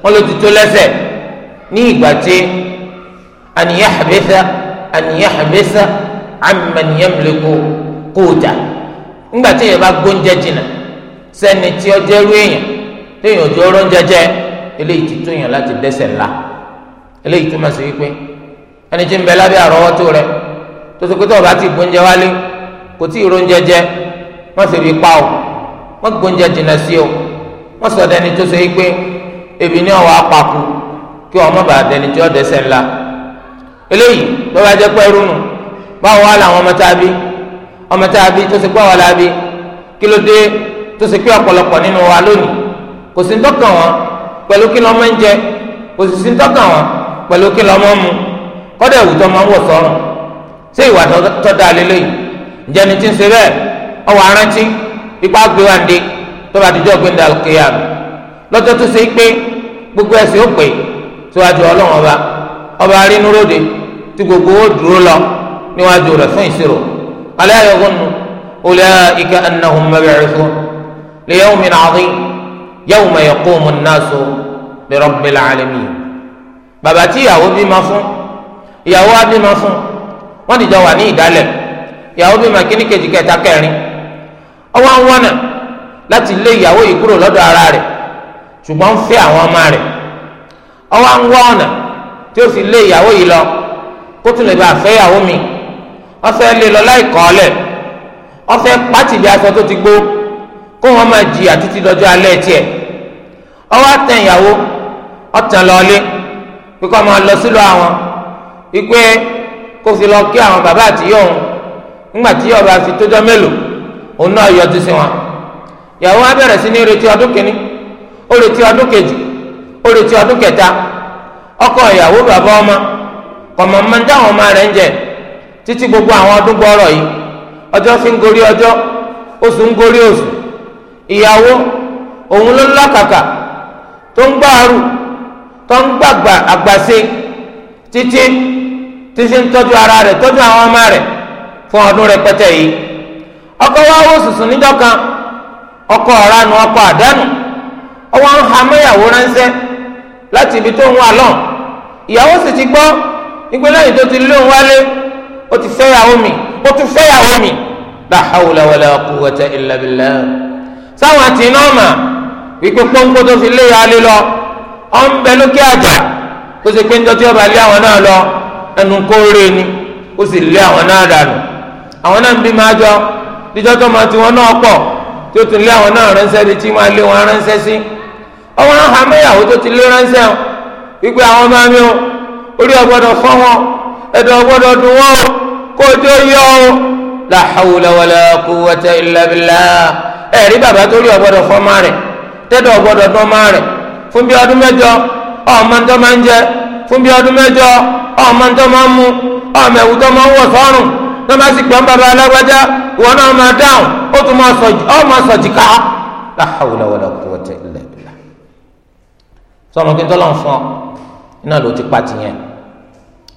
wọn ló ti tó lẹ́ṣẹ̀ ní ìgbà an yaxbita an yaxbita amman yamliku kuutaw ńgbà tí èèyàn bá gbóúnjẹ jìnnà sẹ́ni tí ó jẹ́ rú èèyàn téèyàn ojú ọ̀rọ̀ ń jẹjẹ eléyìí ti tó èèyàn láti dẹ́ṣẹ̀ ńlá eléyìí túmọ̀ sí wípé ẹni tí ń bẹ lábẹ́ àrọ́wọ́tó rẹ tó ti pété ọba ti gbóúnjẹ wálé kò tí ì róúnjẹ jẹ wọ́n sì rí pa o wọ́n gbóúnjẹ jìnnà sí o wọ́n sọ dẹni tó ṣe wípé ebi ní ọ̀wọ́ apàkù kí ọmọ bàá dẹni tí ó dẹ́ṣẹ̀ ńlá eléyìí lọ́ba jẹ́ pẹ́rú nù báwo wá làwọn ọmọ tá a bí ọmọ tá a bí tó ṣe pé àwọn làbí kí ló dé tó ṣe pé ọ̀pọ̀lọpọ̀ nínú wa lónìí kò sí ntọ́kàn wọn pẹ̀lú kí lọ́mọ ń jẹ kò sì sí ntọ́kàn wọn pẹ̀lú kí lọ́mọ ń mu kọ́dà ìwùjọ máa ń wọ̀ sọ́run ṣé ìwà tó dáa lé lóyìn ǹjẹ́ ni tí ń ṣe bẹ́ẹ̀ ọwọ́ arántí ipá gbé wa dé tó bá dijọ́ gbé ndà kéèyàn lọ́jọ́ tó ṣe pé gbogbo ẹ̀sìn ó pè síwájú ọlọ́run ọba ọba arínúróde tí gbogbo ó dúró lọ níwájú rẹ̀ fún ìṣirò ألا يظن أولئك أنهم مبعوثون ليوم عظيم يوم يقوم الناس لرب العالمين bàbá tí ìyàwó bímọ fún ìyàwó á bímọ fún wọn dìjọ wà ní ìdálẹ̀ ìyàwó bímọ kíní kejì kẹta kẹrin ọwọ àwọn wọnà láti lé ìyàwó yìí kúrò lọ́dọ̀ ara rẹ̀ ṣùgbọ́n ń fẹ́ àwọn ọmọ rẹ̀ ọwọ àwọn wọnà tí ó fi lé ìyàwó yìí lọ kó tún lè bá fẹ́ ìyàwó mi ọfẹ lè lọ láì kọ́ lẹ̀ ọfẹ aṣọ tó ti gbó kó wọn máa jìyà títí ti alẹ́ tiẹ̀ ọwọ́ àtẹ ìyàwó ọ̀tàn lọ́ọ́lé pípọ́ máa lọ sílùú àwọn ìpè kó fi lọ kí àwọn bàbá àtìyọ òun nígbà tí ọba fi tójọ mélòó òun náà yọjú sí wọn ìyàwó bẹ̀rẹ̀ sí ní retí ọdún ó retí ọdún kejì ó retí ọdún kẹta ọkọ ìyàwó bàbá ọmọ dáhùn ọmọ títí gbogbo àwọn ọdún gbọrọ yìí ọjọ́ sì ń gorí ọjọ́ oṣù ń gorí oṣù ìyàwó òun ló ń tó ń gbàrú tó ń gbàgbà àgbàṣe títí títí ń tọ́jú ara rẹ̀ tọ́jú àwọn ọmọ rẹ̀ fún ọdún rẹpẹtẹ yìí ọkọ̀ wa wò sùsùn níjọ́ kan ọkọ ọ̀ranu ọkọ àdánù ọwọ́ ń ha mẹ́yàwó ránṣẹ́ láti ibi tó ń wà lọ́n ìyàwó sì ti gbọ́ ìgbélẹ́yìn tó ti lé òun wálé ó ti fẹ́yàwó mi ó tún fẹ́yàwó mi la hawla wala quwwata illa billah sáwọn àti iná mà wípé pọ́ńpọ́ tó fi léyà á lé lọ ọ̀ ń bẹ lókè àjà kó ṣe pé ń dọ́tí ọba lé àwọn náà lọ ẹnu kóore ni ó sì lé àwọn náà dànù àwọn náà ń bí máa jọ díjọ́ tó máa ti wọn náà pọ̀ tí ó tún lé àwọn náà ránṣẹ́ di tí máa lé wọn ránṣẹ́ sí ọwọ́n ahamẹ́yàwó tó ti lé ránṣẹ́ wípé àwọn máa mi ó orí ọgbọ́dọ̀ fọ́ wọn ẹ̀dùn ọgbọ́dọ̀ dùn wọ́n o kó o tó yọ o la hawla wala quwwata illa billah ẹ̀rí bàbá tó rí ọgbọ́dọ̀ fọ́mà rẹ̀ tẹ́dọ̀ ọgbọ́dọ̀ dọ́mà rẹ̀ fún bí ọdún mẹ́jọ ọmọ ntọ́ máa ń jẹ fún bí ọdún mẹ́jọ ọmọ ntọ́ máa ń mu ọmọ ẹ̀wù tó ń wọ̀ sọ́rùn tó sì gbọ́n bàbá alágbájá ìwọ náà máa dáhùn ó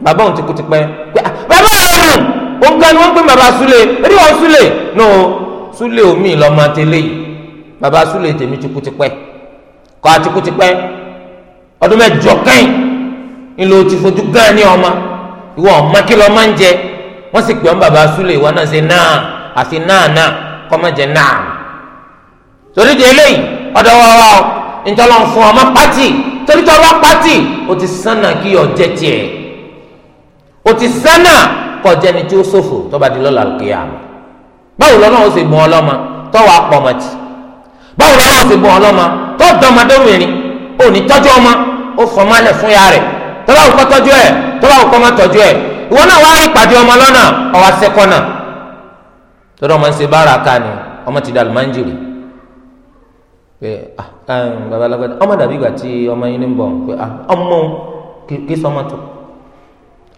bàbá òun ti kú tipẹ́ pé ah, bàbá òun òun kan ni wọ́n ń pè bàbá súlè èdè wọn súlè nù súlè omi lọ́mọ tẹ́lẹ̀ yìí bàbá súlè tèmi ti kú tipẹ́ kọ́ àti kú tipẹ́ ọdún mẹ́jọ kẹ́yìn ńlọ ti fojú gán ní ọmọ ìwọ ọmọ kí lọ máa ń jẹ wọ́n sì pè ọ́n bàbá súlè ìwọ náà ṣe náà àfi náà náà kọ́ máa jẹ náà torí di eléyìí ọ̀dọ̀ wọ́n wá ọ ntọ́lọ́ fún ọmọ pátì torí tọ́lọ́ pátì ó ti sànà kí ọ̀jẹ̀ tiẹ̀ o ti sánà kọjá ni tí ó ṣòfò tó bá di lọ́la òkèèyà báwo lọ́nà ó sì bùn ọlọ́mọ tọ́wọ́ apọ̀mọ̀tì báwo lọ́nà ó sì bùn ọlọ́mọ tó dánmọdéwìnrin ò ní tọ́jú ọmọ ó fọmọ́lẹ̀ fún ya rẹ̀ tọ́lá òkọ́ tọ́jú ẹ̀ tọ́lá òkọ́ má tọ́jú ẹ̀ ìwọ náà wá rí ìpàdé ọmọ lọ́nà ọwọ́ asẹ́kọ́ náà tọ́lá ọmọ ń ṣe bára ká ni ọmọ ti dàlú máńjìrì pé ah babaláwo ọmọ dàbí ìgbà tí ọmọ yín ń bọ̀ pé ah ọmọ kì í tó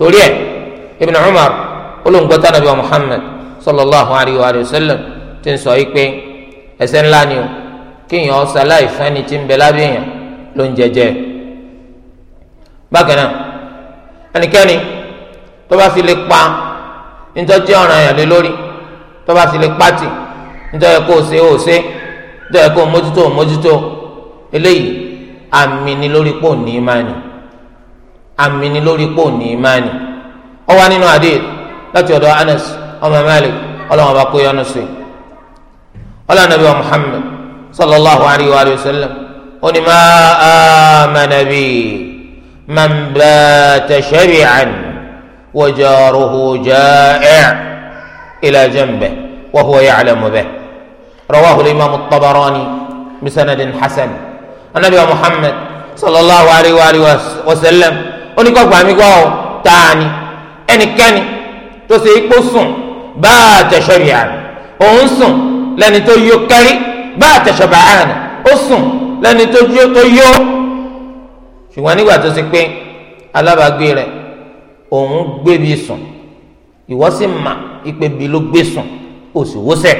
torí ẹ̀ ibn umar olóńgbọ́tà nàbí wa muhammad sallallahu alayhi wa sallam ti ń sọ yìí pé ẹ̀ṣẹ̀ ńlá ni o kéèyàn ọ̀sà láì fẹ́ni tí ń bẹ lábẹ́ èèyàn ló ń jẹjẹ bákan náà ẹnikẹ́ni tó bá fi lè pa nítọ́jú ọ̀ràn èèyàn lé lórí tó bá fi lè pàtì nítorí kó o ṣe o ṣe nítorí kó o mójútó o mójútó eléyìí àmì ni lórí pò ní ìmánì àmì ni lórí pò ní ìmánì ó wá nínú hadith láti ọ̀dọ̀ Anas ọmọ Malik ọlọ́wọ́n bá kó yọnu sí ọlọ́wọ́n nàbí wa Muhammad sallallahu alayhi wa sallam ó ní ma amana bi man bata shari'an wa jaruhu ja'i' ila janbihi wa huwa ya'lamu bihi رواه الإمام الطبراني بسند حسن النبي محمد صلى الله عليه وآله وسلم oníkọ̀gbà mi gbọ́ ọ taani ẹnikẹ́ni tó ṣe ipò sùn bá a tẹ̀sọ̀ yàrá òun sùn lẹ́ni tó yó kẹ́rí bá a tẹ̀sọ̀ bàánà ó sùn lẹ́ni tó yó tó yó ṣùgbọ́n nígbà tó ṣe pé alábàágbé rẹ̀ òun gbébi sùn ìwọ sì mà ìpè bi ló gbé sùn ó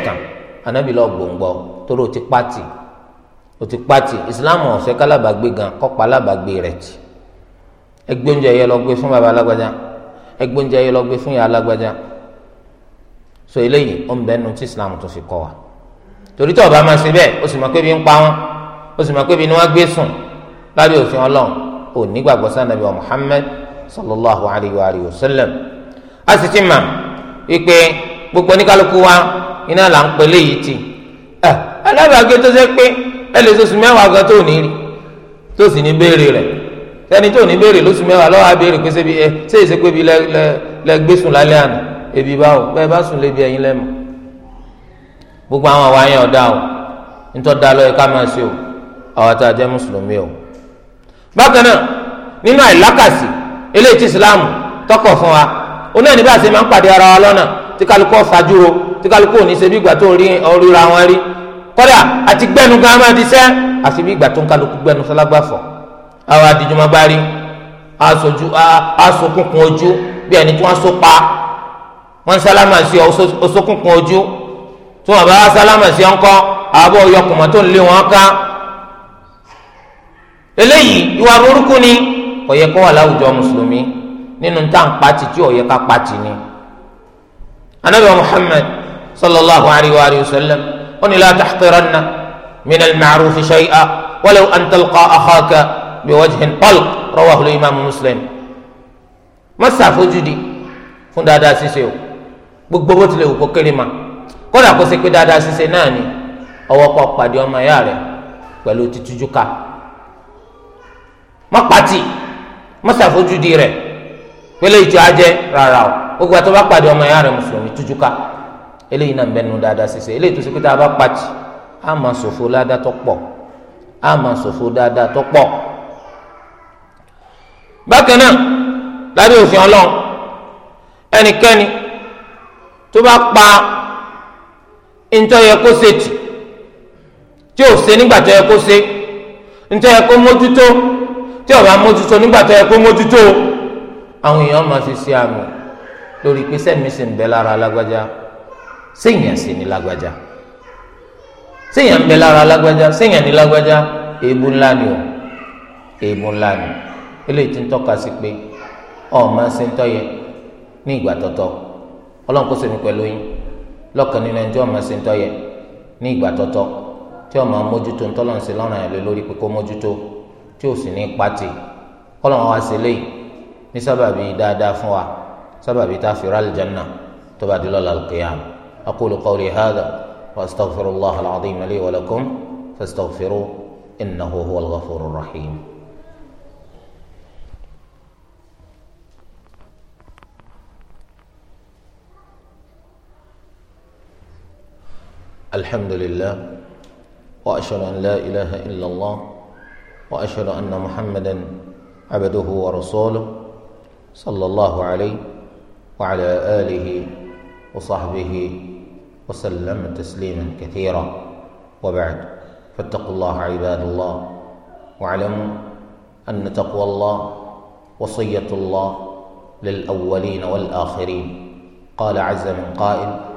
kan anábì lọ gbòǹgbò torí ti pàtì o ti pàtì ìsìláàmù ọ̀sẹ̀ kálábàágbé gan kọ́pa alábàágbé rẹ̀ tì ẹgbẹ́ oúnjẹ yẹ lọ gbé fún baba alágbájá ẹgbẹ́ oúnjẹ yẹ lọ gbé fún ìyá alágbájá so eléyìí ó ń bẹ́ẹ̀ nu tí islam tó fi kọ́ wa torí tí ọba máa ṣe bẹ́ẹ̀ ó sì máa pé bí ń pa wọn ó sì máa pé bí ni wọ́n gbé sùn lábẹ́ òfin ọlọ́run ò nígbàgbọ́ sànàbí wa muhammad sallallahu alayhi wa alayhi wa sallam a sì ti mà wípé gbogbo oníkálukú wa iná là ń pè léyìí tì ẹ alábàágbé tó ṣe pé ẹ lè sọ sùn mẹ́wàá gan tó ní rí tó sì ní béèrè rẹ̀ ẹni tó ní béèrè lóṣù mẹ́wàá lọ́wọ́ abéèrè pé ṣébi ẹ ṣé èsè pé bi lẹ gbé sùn lálẹ́ àná ebi báwo bẹ́ẹ̀ bá sùn lébi ẹ̀yin lẹ́mọ̀ gbogbo àwọn àwa yẹn ọ̀dà o nítorí da lọ́yẹ ká máa ṣe o àwọn tá a jẹ́ mùsùlùmí o. bákan náà nínú àìlákàsí eléyìí tí ìsìláàmù tọkọ̀ fún wa ó náà nígbà tí máa ń pàdé ara wa lọ́nà tí kálukú ọ̀fàdúró tí kálukú ò ní ṣe bí ìgbà tó rí ọrùra wọn rí kọ́dà àti gbẹ́nu gan máa ti sẹ́ àfi bí ìgbà tó ń kálukú gbẹ́nu sálágbàfọ̀ àwọn àdìjọmọgbárí aṣojú aṣokùnkùn ojú bí ẹni tí wọ́n so pa wọ́n sálámà sí ọ oṣokùnkùn ojú tí wọ́n bá sálámà sí ọ ńkọ́ àbọ̀ ọyọkùnmọ́ tó ń lé wọn ká eléyìí ìwà burúkú ni kò yẹ kó wà láwùjọ mùsùlùmí nínú tá à ń pati tí ò yẹ ká pati ni anabi muhammad sallallahu alayhi wa sallam ó ní la tahqiranna min al-ma'rufi shay'a walaw akhaka bí wajhin talq rawahu imam muslim má ṣàfojúdi fún dáadáa ṣíṣe o gbogbo bó tilẹ̀ wù kó kéré ma kódà kó ṣe pé dáadáa ṣíṣe náà ni ọwọ́ kọ́ pàdé ọmọ ìyá rẹ̀ pẹ̀lú títújú ká má pàtì má ṣàfojúdi rẹ̀ pẹ̀lú ìjọ ajẹ́ rárá o gbogbo àti ọba pàdé ọmọ ìyá rẹ̀ mùsùlùmí tújú ká eléyìí náà ń bẹnu dáadáa ṣíṣe eléyìí tó ṣe pé tá a bá pàtì á máa ṣòfò ládàá tó pọ̀ á máa ṣòfò dáadáa tó pọ̀ bákan náà lábẹ́ òfin ọlọ́run ẹnikẹ́ni tó bá pa ntọ́yẹ kó ṣe tì tí ò ṣe nígbà tó yẹ kó ṣe ntọ́yẹ kó mójútó tí ò bá mójútó nígbà tó yẹ kó mójútó àwọn èèyàn máa fi ṣe àmì lórí pé sẹ́mi sì ń bẹ lára lágbájá séèyàn sì ní lágbájá séèyàn ń bẹ lára lágbájá séèyàn ní lágbájá èébú ńlá ni o èébú ńlá ni o eléyìí ti ń tọ́ka sí pé ọ̀ọ́mà ṣe ń tọ́yẹ ní ìgbà tọ̀tọ̀ ọlọ́run kó sèmi pẹ̀lú yín lọ́kàn nínú ẹni tí ọ̀ọ́mà ṣe ń tọ́yẹ ní ìgbà tọ̀tọ̀ tí ọ̀ọ́mà mójútó ń tọ́lọ́run sí lọ́rùn àyàlẹ́ lórí pé kó mójútó tí ò sì ní pàtì ọlọ́run wá sí eléyìí ní sábàbí dáadáa fún wa sábàbí tá a fi rálì jẹ́nà tó bá di lọ́la al-qiyam aqulu qawli الحمد لله واشهد ان لا اله الا الله واشهد ان محمدا عبده ورسوله صلى الله عليه وعلى اله وصحبه وسلم تسليما كثيرا وبعد فاتقوا الله عباد الله واعلموا ان تقوى الله وصيه الله للاولين والاخرين قال عز من قائل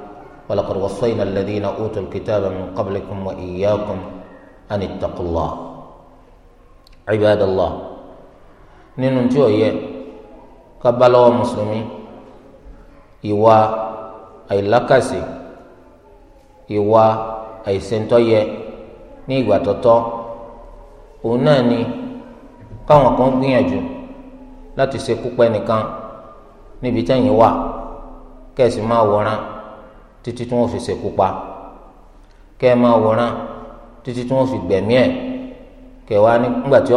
ولقد وصينا الذين أوتوا الكتاب من قبلكم وإياكم أن اتقوا الله عباد الله nínú tí ó yẹ ká bá lọ́wọ́ mùsùlùmí ìwà àìlákàsì ìwà àìsèǹtọ́yẹ ní ìgbà tọ́tọ́ òun náà ni káwọn kan gbìyànjú láti ṣekú pẹ́ nìkan níbi tẹ́yìn wà kẹ́sì máa wòran títí tí wọ́n fi ṣekú pa kẹ́ ẹ máa wòran títí tí wọ́n fi gbẹ̀mí ẹ kẹ́ wá ní ńgbà tí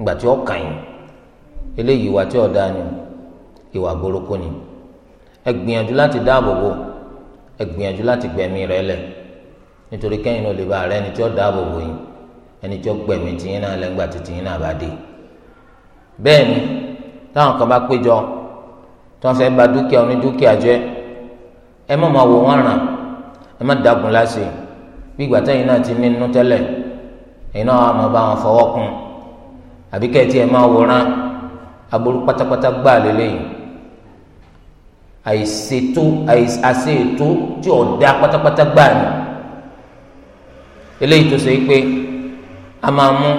ńgbà tí ó kàn eléyìí ìwà tí ọ̀dà ni ìwà burúkú ni ẹ gbìyànjú láti dáàbò bò ẹ gbìyànjú láti gbẹ̀mí rẹ̀ lẹ̀ nítorí náà lè bá rẹ ẹni tí dáàbò ẹ má máa wò wọ́n ràn ẹ má dàgùn láṣẹ bí ìgbà tẹ́yìn náà ti ní inú tẹ́lẹ̀ ẹ̀yin náà wàá máa bá wọn fọwọ́ kún àbí kẹ́ẹ̀tì ẹ máa wòran aburú pátápátá gbà lélẹ́yìn àìṣètò àṣe ètò tí ò da pátápátá gbà ní eléyìí tó ṣe pé a máa mú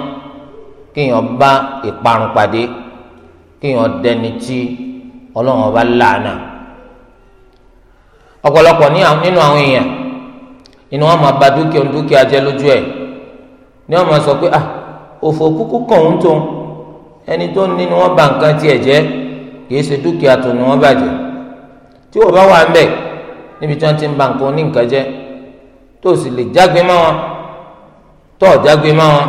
kéèyàn bá ìparun pàdé kéèyàn dẹni tí ọlọ́run ọba láàánà ọ̀pọ̀lọpọ̀ nínú àwọn èèyàn inú wọn máa ba dúkìá dúkìá jẹ́ lójú ẹ̀ ni wọn máa sọ pé ah òfò kúkú kàn ń tó ẹni tó ní ni wọn bà nǹkan tiẹ̀ jẹ́ kìí ṣe dúkìá tó ni wọn bàjẹ́ tí wọn bá wà ń bẹ̀ níbi tí wọn ti ń bà nǹkan oníǹkan jẹ́ tó sì lè jágbe mọ́ wọn tó ò jágbe mọ́ wọn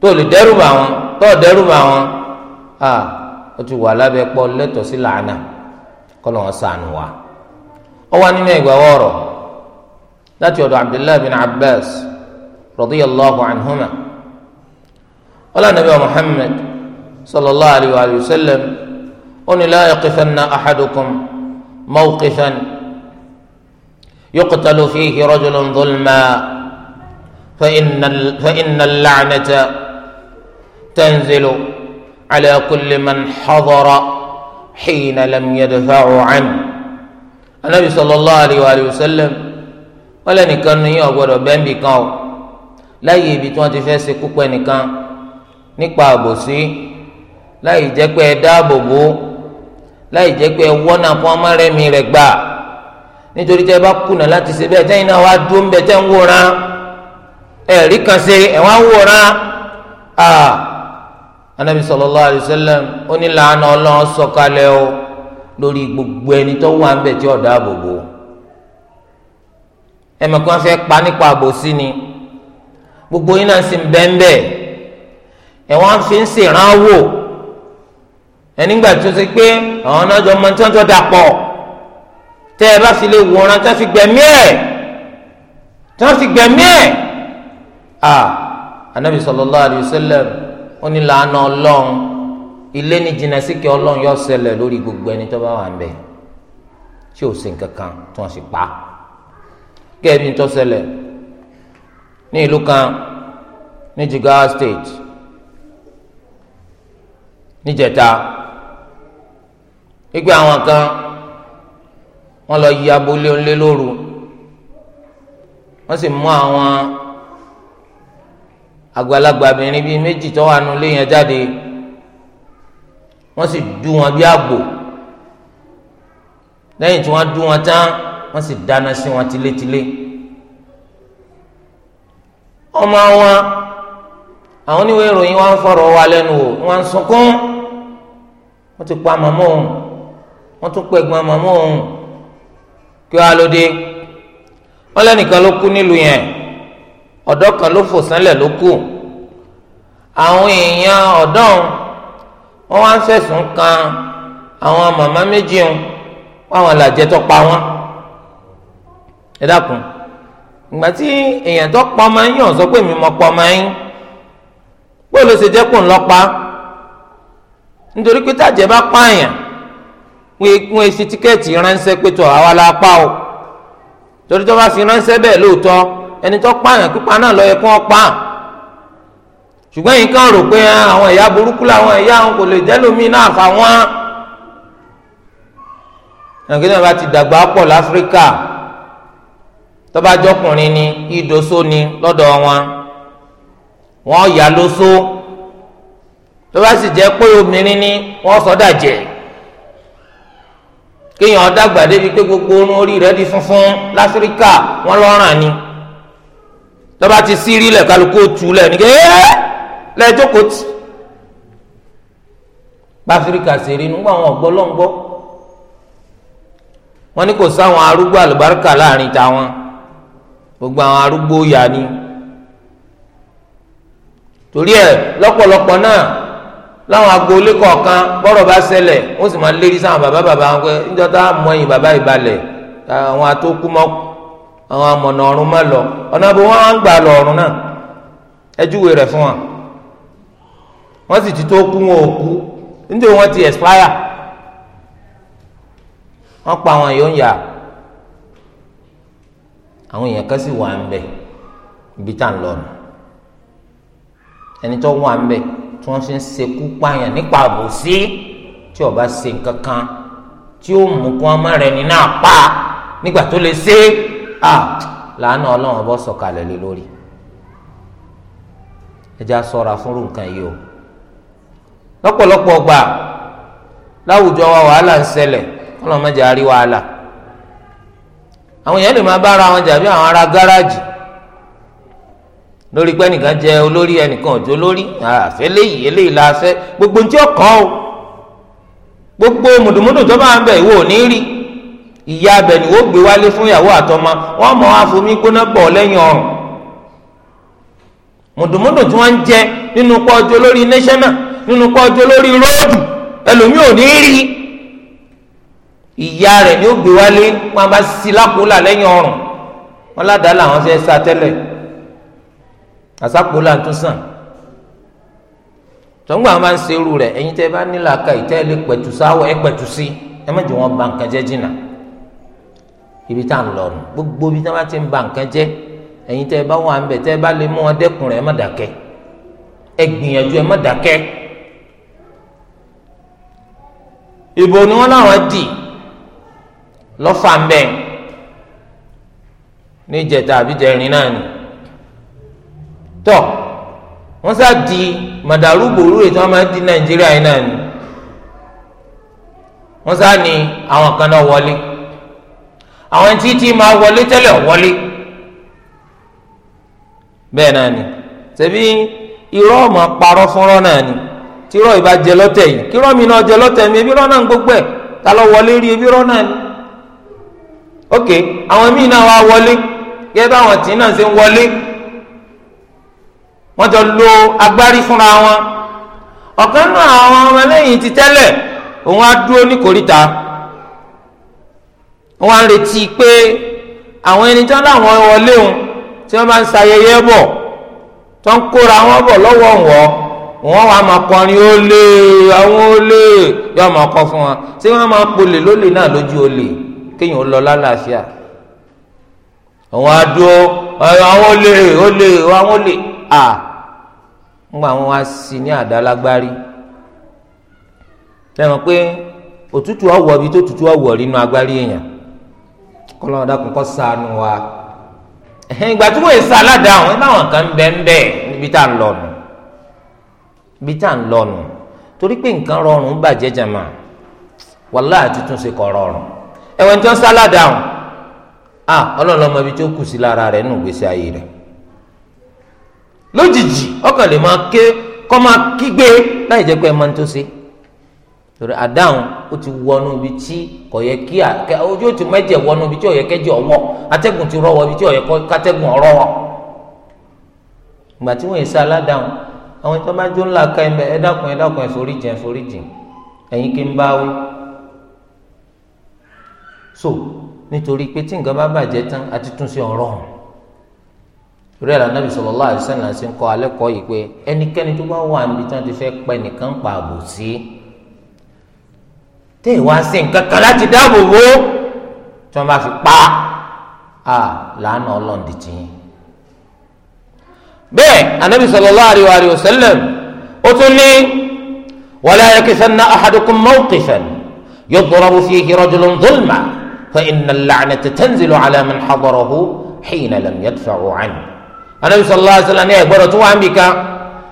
tó lè dẹ́rù bà wọn tó ò bà wọn ah ó ti wà lábẹ́ pọ́ lẹ́tọ̀ọ́ sí làánà. Si kọlọ̀ wọn sànù wa. ó wà nínú ìgbà wọ̀rọ̀ láti ọ̀dọ̀ abdullahi bin abbas radiyallahu anhuma wala nabi wa muhammad sallallahu alayhi wa sallam oni la yaqifanna axadukum mawqifan yuqtalu fihi rajulun dulma fa inna lacnata tanzilu cala kulli man hina lam yadfa'u an anabi sallallahu alayhi wa sallam wọ́n lé nìkan ní yín ọ̀gbọ́dọ̀ bẹ́ńbì kan o láyé ibi tí wọ́n ti fẹ́ ṣe kúpẹ́ nìkan nípa àbòsí láyé jẹ́ pé ẹ dáàbò bò láyé jẹ́ pé ẹ wọ́nà fún ọmọrẹ́mi rẹ̀ gbà nítorí tẹ́ bá kùnà láti ṣe bẹ́ẹ̀ tẹ́yìn náà wá dúró ń bẹ tẹ́ ń wòran ẹ̀rí kan ṣe ẹ̀wọ̀n wòran anabi sallallahu alayhi wa sallam ó ní làánà Ọlọ́run sọ̀kalẹ̀ o lórí gbogbo ẹni tó wà ń bẹ tí ọdọ àbòbò ẹmẹkùn fẹ́ pa nípa àbòsí ni gbogbo yín náà sì ń bẹ ń bẹ ẹwọn fi ń ṣèrànwọ́ wò ẹnìgbà tó ṣe pé àwọn náà jọ máa ń tọ́jọ́ dàpọ̀ tẹ́ ẹ bá fi lè wòran tó fi gbẹ̀mí ẹ̀ tó fi gbẹ̀mí ẹ̀ ah anabi sallallahu alayhi wa sallam ó ní làánà ọlọ́run ilé ní jìnnà síkẹ ọlọ́run yóò ṣẹlẹ̀ lórí gbogbo ẹni tó bá wà ń bẹ tí ò sí nǹkan kan tí sì pa gẹ́gẹ́ bí tó ṣẹlẹ̀ ní ìlú kan ní Jigawa state níjẹta wípé àwọn kan wọ́n lọ yí abúlé ńlẹ́ lóru wọ́n sì mú àwọn àgbàlagbà obìnrin bíi méjì tó wà nù léyìn jáde wọ́n sì dú wọn bí àgbò lẹ́yìn tí wọ́n dú wọn tán wọ́n sì dáná sí wọn tilétilé ọmọ wọn àwọn oníwèé ìròyìn wọn fọ̀rọ̀ wá lẹ́nu wò wọ́n ń sunkún wọ́n ti pa màmá òun wọ́n tún pẹ̀gbọ́n màmá òun kí wọ́n á lóde wọ́n ló kú nílùú yẹn ọ̀dọ́ kan ló fò sánlẹ̀ ló kù àwọn èèyàn ọ̀dọ́ wọn wá ń fẹ̀sùn kan àwọn màmá méjì ń wọn làjẹ tó pa wọn ẹ dákun ìgbà tí èèyàn tó pa ọmọ yín ọ̀sọ́ pé mi mọ̀ pa ọmọ yín pé ló ṣe jẹ́ kó ń lọ pa nítorí pé tàjẹ́ bá pààyàn wọn èsì tíkẹ́ẹ̀tì ránṣẹ́ pé tó àwa la pa o torí tó bá fi ránṣẹ́ bẹ́ẹ̀ lóòótọ́ ẹni tó pààyàn pípa náà lọ yẹ kó wọn pa ṣùgbọ́n yìí kan rò pé ah, àwọn ẹ̀yà burúkú làwọn ẹ̀yà àwọn kò lè jẹ́ lómi náà fà wọ́n. nàìjíríà bá ti dàgbà pọ̀ láfíríkà tọ́bajọ́kùnrin ni ìdòso ni lọ́dọ̀ wọn wọ́n yà lóso tọ́ba sì jẹ́ pé obìnrin ni wọ́n sọ́dà jẹ́ kéèyàn dàgbà débi pé gbogbo orun orí rẹ̀ di funfun láfíríkà wọ́n lọ́ràn ni. Lo lọ́ba ti sí rí lẹ̀ kálukú tu lẹ̀ nìkẹ́ ẹ́ lẹ́ẹ̀jọ́kọ̀ tì. báfíríkà ṣe rí nígbà wọn ọ̀gbọ́ lọ́ngbọ́ wọn ní kò sáwọn arúgbó àlùbáríkà láàrin tàwọn gbogbo àwọn arúgbó yà ni torí ẹ lọ́pọ̀lọpọ̀ náà láwọn agboolé kọ̀ọ̀kan bọ́rọ̀ bá ṣẹlẹ̀ ó sì máa lérí sáwọn bàbá bàbá wọn pé níjọ́ tá a mọ ẹ̀yìn bàbá ìbalẹ̀ àwọn atókùmọ́kù àwọn amọ̀nà ọ̀run má lọ ọ̀nà bí wọ́n á ń gbà lọ ọ̀run náà ẹ júwe rẹ̀ fún wa wọ́n sì ti tó kú wọn ò kú nítorí wọ́n ti expire wọ́n pa àwọn èèyàn yà àwọn èèyàn kan sì wà ń bẹ̀ ibi tá à ń lọ nù ẹni tó wà ń bẹ̀ tí wọ́n fi ń ṣekú pààyàn nípa àbòsí tí ọba ṣe nǹkan tí ó mú kí wọ́n má rẹ̀ ní náà pa nígbà tó lè ṣe a ah, làánà ọlọ́run ọbọ̀ sọ̀kalẹ̀ lé lórí ẹja ṣọ́ra fúnrú nǹkan yìí o lọ́pọ̀lọpọ̀ gbà láwùjọ wa wàhálà ń ṣẹlẹ̀ ọlọ́run mẹ́jọ àrí wàhálà àwọn èèyàn lè máa ara wọn jà bí àwọn ará gáràjì lórí pé ẹnìkan jẹ olórí ẹnìkan òjò lórí àfẹ léyìí eléyìí la gbogbo ní tí ó kàn ó gbogbo mùdùmùdù tó máa ń bẹ ìwọ ò ní rí. ìyá abẹ ni wọ́n gbé wálé fún ìyàwó àtọmọ wọ́n mọ̀ wá fomi gbóná bọ̀ lẹ́yìn ọrùn mùdùmùdù tí wọ́n ń jẹ nínú pọ́jọ́ lórí national nínú pọ́jọ́ lórí róòdù ẹlòmíì ò ní rí ìyá rẹ̀ ni ó gbé wálé wọ́n bá sí lákòólà lẹ́yìn ọrùn wọ́n ládàá làwọn fẹ́ẹ́ sá tẹ́lẹ̀ àsápòólà tún sàn tọ́ngbà máa ń ṣerú rẹ̀ ẹ̀yin tẹ́ bá nílò àkàyè tẹ́ ẹ lè pẹ̀tù sáwọ́ ẹ pẹ̀tù sí ẹ má wọn ba nǹkan jẹ́ jìnnà ibi tá à ń lọ nù gbogbo ibi tá a bá ti ń ba nǹkan jẹ́ ẹ̀yin tẹ́ ẹ bá wà ń bẹ̀ tẹ́ ẹ bá lè mú wọn dẹ́kun ẹ má dàkẹ́ ẹ gbìyànjú ẹ má dàkẹ́ ìbò ni wọn làwọn dì lọ́fà ń bẹ̀ níjẹta àbíjẹrin náà ni tọ wọn sá di màdàrúgbòrú ètò wọn máa di nàìjíríà yìí náà ni wọn sá ni àwọn kan náà wọlé àwọn tí tí máa wọlé tẹ́lẹ̀ wọlé bẹ́ẹ̀ náà ni ṣebí irọ́ ọ̀mọ̀ parọ́ fúnrọ́ náà ni tí irọ́ ìbá jẹ lọ́tẹ̀ yìí kí irọ́ mi náà jẹ lọ́tẹ̀ mi ebi irọ́ náà ń gbogbo ẹ̀ ta ló wọlé rí ebi irọ́ náà ni ok àwọn míì náà wá wọlé gẹ́gẹ́ báwọn tí náà ṣe ń wọlé wọ́n jọ lo agbárí fúnra wọn ọ̀kan náà àwọn ọmọ lẹ́yìn ti tẹ́lẹ̀ òun á dúró ní kòríta wọ́n á retí pé àwọn ẹni tán láwọn wọlé òun tí wọ́n bá ń sayẹyẹ bọ̀ tó ń kóra wọn bọ̀ lọ́wọ́ wọn wọ́n wàá máa kọrin olè àwọn olè yóò máa kọ fún wọn tí wọ́n máa polè lólè náà lójú olè kéèyàn ó lọ lálàáfíà àwọn adúró àwọn olè olè àwọn olè à ń gba àwọn wá sí ní àdálágbárí lẹ́nu pé òtútù ọ̀wọ́ bí tó tutù ọ̀wọ́ nínú agbárí èèyàn kọlọ́n dákun kọ́ sànù wa ìgbà tí wọ́n èsì aládàáhùn láwọn kan bẹ́ ń bẹ́ níbi tá à ń lọ́nu níbi tá à ń lọ́nu torí pé nǹkan rọrùn bàjẹ́ jàmà wàláhì tuntun ṣe kọ́ rọrùn ẹ̀wọ̀n tí wọ́n sáládàáhùn à ọlọ́run lọ́mọ ibi tí ó kù sí lára rẹ̀ nù gbèsè torí adahun ó ti wọnú ibi tí kò yẹ kí à kẹ ojú ó ti mẹjẹ wọnú ibi tí ò yẹ ọwọ ategun ti rọwọ ibi tí ò yẹ kọ sá aládàhùn àwọn ìtọ́ jó ńlá ká so nítorí pé tí nǹkan bá bàjẹ́ tán a ti tún sí ọ̀rọ̀ hàn rẹ̀ lànàbì sallallahu alaihi wasallam ń kọ́ yìí pé ẹnikẹ́ni tó bá wà níbi tí wọ́n tẹ́ ìwà sí nǹkan kan láti dáàbò wò ó tí wọ́n bá fi pa á làánà ọlọ́run di tiyín. bẹ́ẹ̀ anabi sallallahu alayhi wa sallam ó tún ní wala yakifanna ahadukum mawqifan yudrabu fihi rajulun dhulma fa inna al-la'nata tanzilu ala man hadarahu hina lam yadfa'u anhu. anabi sallallahu alayhi wa sallam ní ẹ̀gbọ́dọ̀ tó wà ń bì kan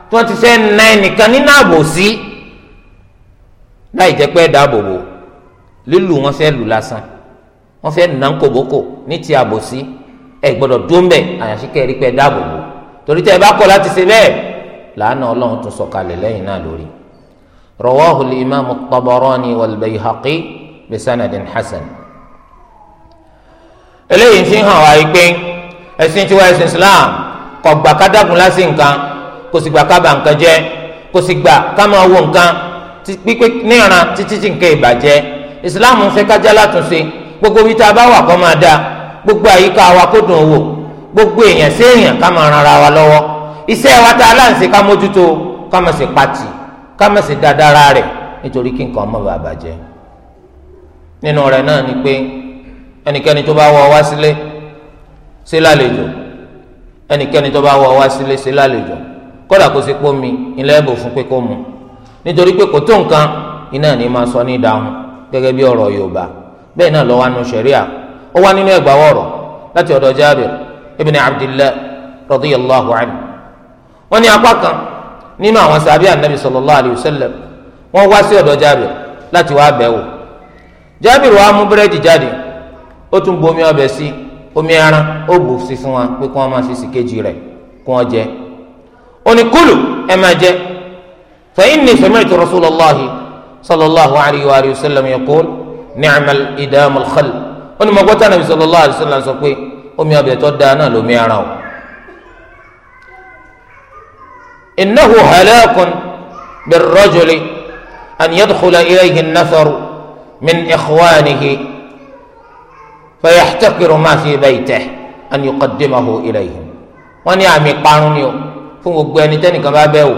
tí wọ́n ti láì jẹ́ pé dáàbò bò lílù wọn fẹ́ lù lásán wọn fẹ́ nà ń kòbókò ní ti àbòsí ẹ gbọ́dọ̀ dún bẹ àyàfi kẹrí pé dáàbò bò torí tẹ ẹ bá kọ̀ láti ṣe bẹ́ẹ̀ làánà Ọlọ́run tún sọ̀kalẹ̀ lẹ́yìn náà lórí. rawahu al-imam at-tabarani wal-bayhaqi bi sanadin hasan. eléyìí fi hàn wá pé ẹ̀sìn tiwa ẹ̀sìn islam kò gbà kádàgùn lásìkò nǹkan kò sì gbà kábà pípé níran títí tí nǹkan ìbàjẹ́ ìsìláàmù fẹ́ kájá látúnṣe gbogbo ibi tá a bá wà kọ́ máa dáa gbogbo àyíká wa kó dùn wò gbogbo èèyàn sí èèyàn ká máa ran ara wa lọ́wọ́ iṣẹ́ wa tá a láǹṣe ká mójútó ká má ṣe pati ká má ṣe dáadáa rẹ̀ nítorí kí nǹkan má bàa bàjẹ́ nínú rẹ̀ náà ni pé ẹnikẹ́ni tó bá wọ wá sílé ṣe lálejò ẹnikẹ́ni tó bá wọ wá sílé ṣe lálejò kódà kó ṣe pómi ilé ẹ̀bùn fún pé kó mu nítorí pé kò tó nǹkan iná ní máa sọ ní ìdáhùn gẹ́gẹ́ bí ọ̀rọ̀ Yorùbá bẹ́ẹ̀ náà ló wà nínú ṣẹ̀ríà ó wà nínú ẹgbàá ọ̀rọ̀ láti ọ̀dọ̀ Jábìr ibn Abdillah radiyallahu anhu wọ́n ní apá kan nínú àwọn sàbí ànábì sallallahu alayhi wa sallam wọ́n wá sí ọ̀dọ̀ Jábìr láti wá bẹ̀ wò Jábìr wá mú búrẹ́dì jáde ó tún bomi ọbẹ̀ sí omi ẹran ó bù sí fún wa pé kí wọ́n máa ṣe kejì rẹ̀ kí wọ́n jẹ ó ẹ máa jẹ فإني سمعت رسول الله صلى الله عليه وآله وسلم يقول نعم الإدام الخل أنا ما قلت النبي صلى الله عليه وسلم سقي أمي أبي تودانا لو ميعراو إنه هلاك بالرجل أن يدخل إليه النفر من إخوانه فيحتقر ما في بيته أن يقدمه إليهم وأن يعمي قانوني فهو بين تاني كما بيو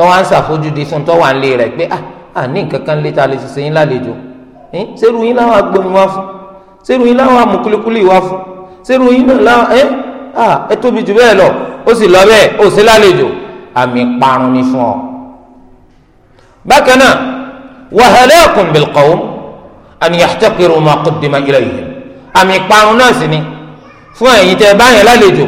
tọ́wọ́ à ń ṣàfojúdi fún tọ́wọ́ à ń lé rẹ̀ pé à ah, à ní nǹkan kan lé ta lè fi ṣe yín lálejò ẹ sẹ́rù yín láwọn agbomi wá fún sẹ́rù yín láwọn amúkulikuli wá fún sẹ́rù yín láwọn ẹ à ah, ẹ tóbi jù bẹ́ẹ̀ lọ ó sì lọ bẹ́ẹ̀ ó sì lálejò àmì parun ni fún ọ. bákan náà wahalakum bil qawm an yahtaqiru ma qaddima ilayhim àmì parun náà sì ni fún ẹ̀yin tẹ́ báyẹn lálejò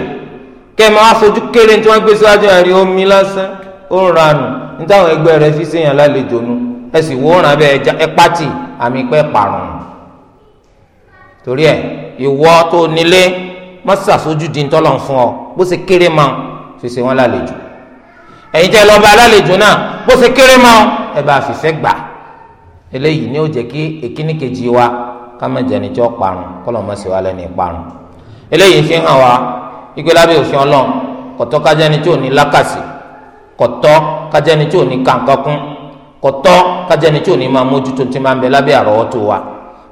kẹ́ máa fojú kéré tí wọ́n gbé síwájú ẹ̀rí omi lásán ó ń ranù nítawọn ẹgbẹ́ rẹ̀ fi séyàn lálejò nu ẹ sì wò ràn bẹ́ẹ̀ ẹ pátì àmì pẹ́ pààrùn torí ẹ ìwọ tó nílé má ṣàṣojú di ntọ́lọ̀ fún ọ bó ṣe kéré ma fi ṣe wọn lálejò ẹ̀yin tẹ́ lọ́ba alálejò náà bó ṣe kéré ma ẹ bá fìfẹ́ gbà eléyìí ni ó jẹ́ kí èkíní kejì wa ká má jẹ́ níjọ́ parun kọ́lọ̀ má ṣe wá lẹ́ni parun eléyìí fi hàn wá ìgbélábẹ́ òfin ọlọ́run kọ̀tọ́kájẹ́ni tí ò ní lákàsí kọtọ kájẹni tí ni ní kàǹkà kún kọtọ ni tí ò ní máa mójútó tí máa wa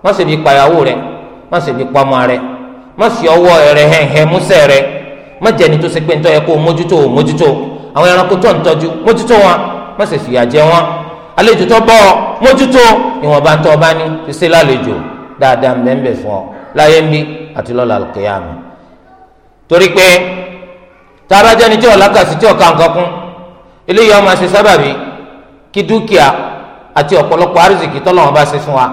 má ṣe bí payàwó rẹ má ṣe bí pamọ rẹ má ṣe ọwọ́ rẹ hẹhẹ músẹ rẹ má jẹni tó ṣe pé ntọ́ yẹ kó mójútó ò mójútó àwọn ẹranko tó ń tọ́jú mójútó wọn má ṣe fìyà jẹ wọn àlejò tó bọ́ ọ mójútó ìwọ̀nba tó ọba ní ti ṣe lálejò dáadáa mbẹ́mbẹ́ fún ọ láyé ń bí àti lọ́la àlùkìyámà torí pé tá a bá jẹ́ni tí ọ̀la kà tí ọ̀ka nǹkan eléyìí ọmọ ṣe sábàbí kí dúkìá àti ọ̀pọ̀lọpọ̀ ati tọ́lọ́wọ́n bá ṣe fún wa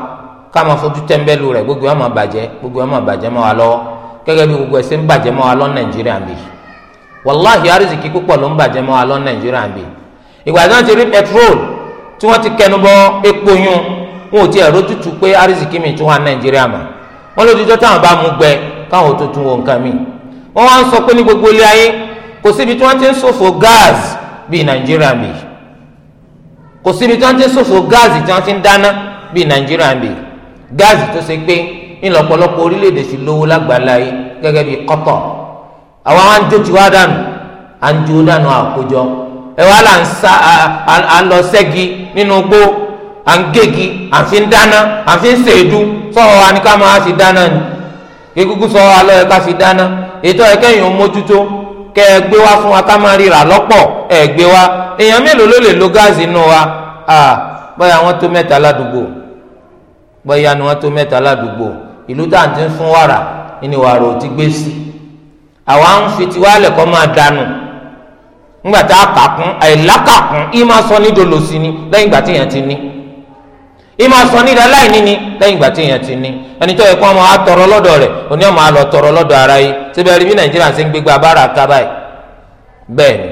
ká máa fojú tẹ́ńbẹ́lú rẹ̀ gbogbo ọmọ bàjẹ́ gbogbo ọmọ bàjẹ́ mọ́ wa lọ́wọ́ gẹ́gẹ́ bí gbogbo ẹ̀sìn bàjẹ́ mọ́ wa lọ́ nàìjíríà bì wàláhì púpọ̀ ló ń bàjẹ́ mọ́ wa lọ́ nàìjíríà bì ìgbà tí wọ́n ti rí tí wọ́n ti kẹnu epo yún wọn ò pé mi tún nàìjíríà mọ́ wọn táwọn bá mú gbẹ bíi nàìjíríà bì kò síbi tí wọ́n ti ń ṣòfò gáàsì tí wọ́n ti ń dáná bíi nàìjíríà bì gáàsì tó ṣe pé ńlọ́pọ̀lọpọ̀ orílẹ̀-èdè sì lówó lágbàlá yìí gẹ́gẹ́ bíi kọ́tọ̀ àwọn àwọn àjò tí wàá dànù àjò dànù àkójọ ẹ wàá là ń sa à ń lọ sẹ́gi nínú gbó à ń gégi à ń fi dáná à ń fi ṣèédú sọ̀rọ̀ wa ni ká máa fi dáná ni kékuku sọ̀rọ̀ alọ́ yẹ fi dáná ètò ẹ̀kẹ́yìn mójútó kẹ ẹ gbé wá fún wa ká máa ríra lọ́pọ̀ ẹ gbé wá èèyàn mélòó ló lè lo gáàsì nù wa bóyá wọ́n tó mẹ́ta ládùúgbò bóyá ni wọ́n tó mẹ́ta ládùúgbò ìlú tá à ń fún wàrà ni wàrà ò ti gbé sí àwa ń fi tiwa máa dànù ńgbà tá a kà ni lẹ́yìn ìgbà tí ti ní. ìmọ̀ sọ ní ìdáláì níní lẹ́yìn ìgbà tí èèyàn ti ní ẹni tó yẹ kó ọmọ àtọrọ lọ́dọ̀ rẹ̀ òní ọmọ àlọ́ tọrọ lọ́dọ̀ ara yìí síbẹ̀ rí bí nàìjíríà ṣe ń gbégbá abára ká báyìí bẹ́ẹ̀ ni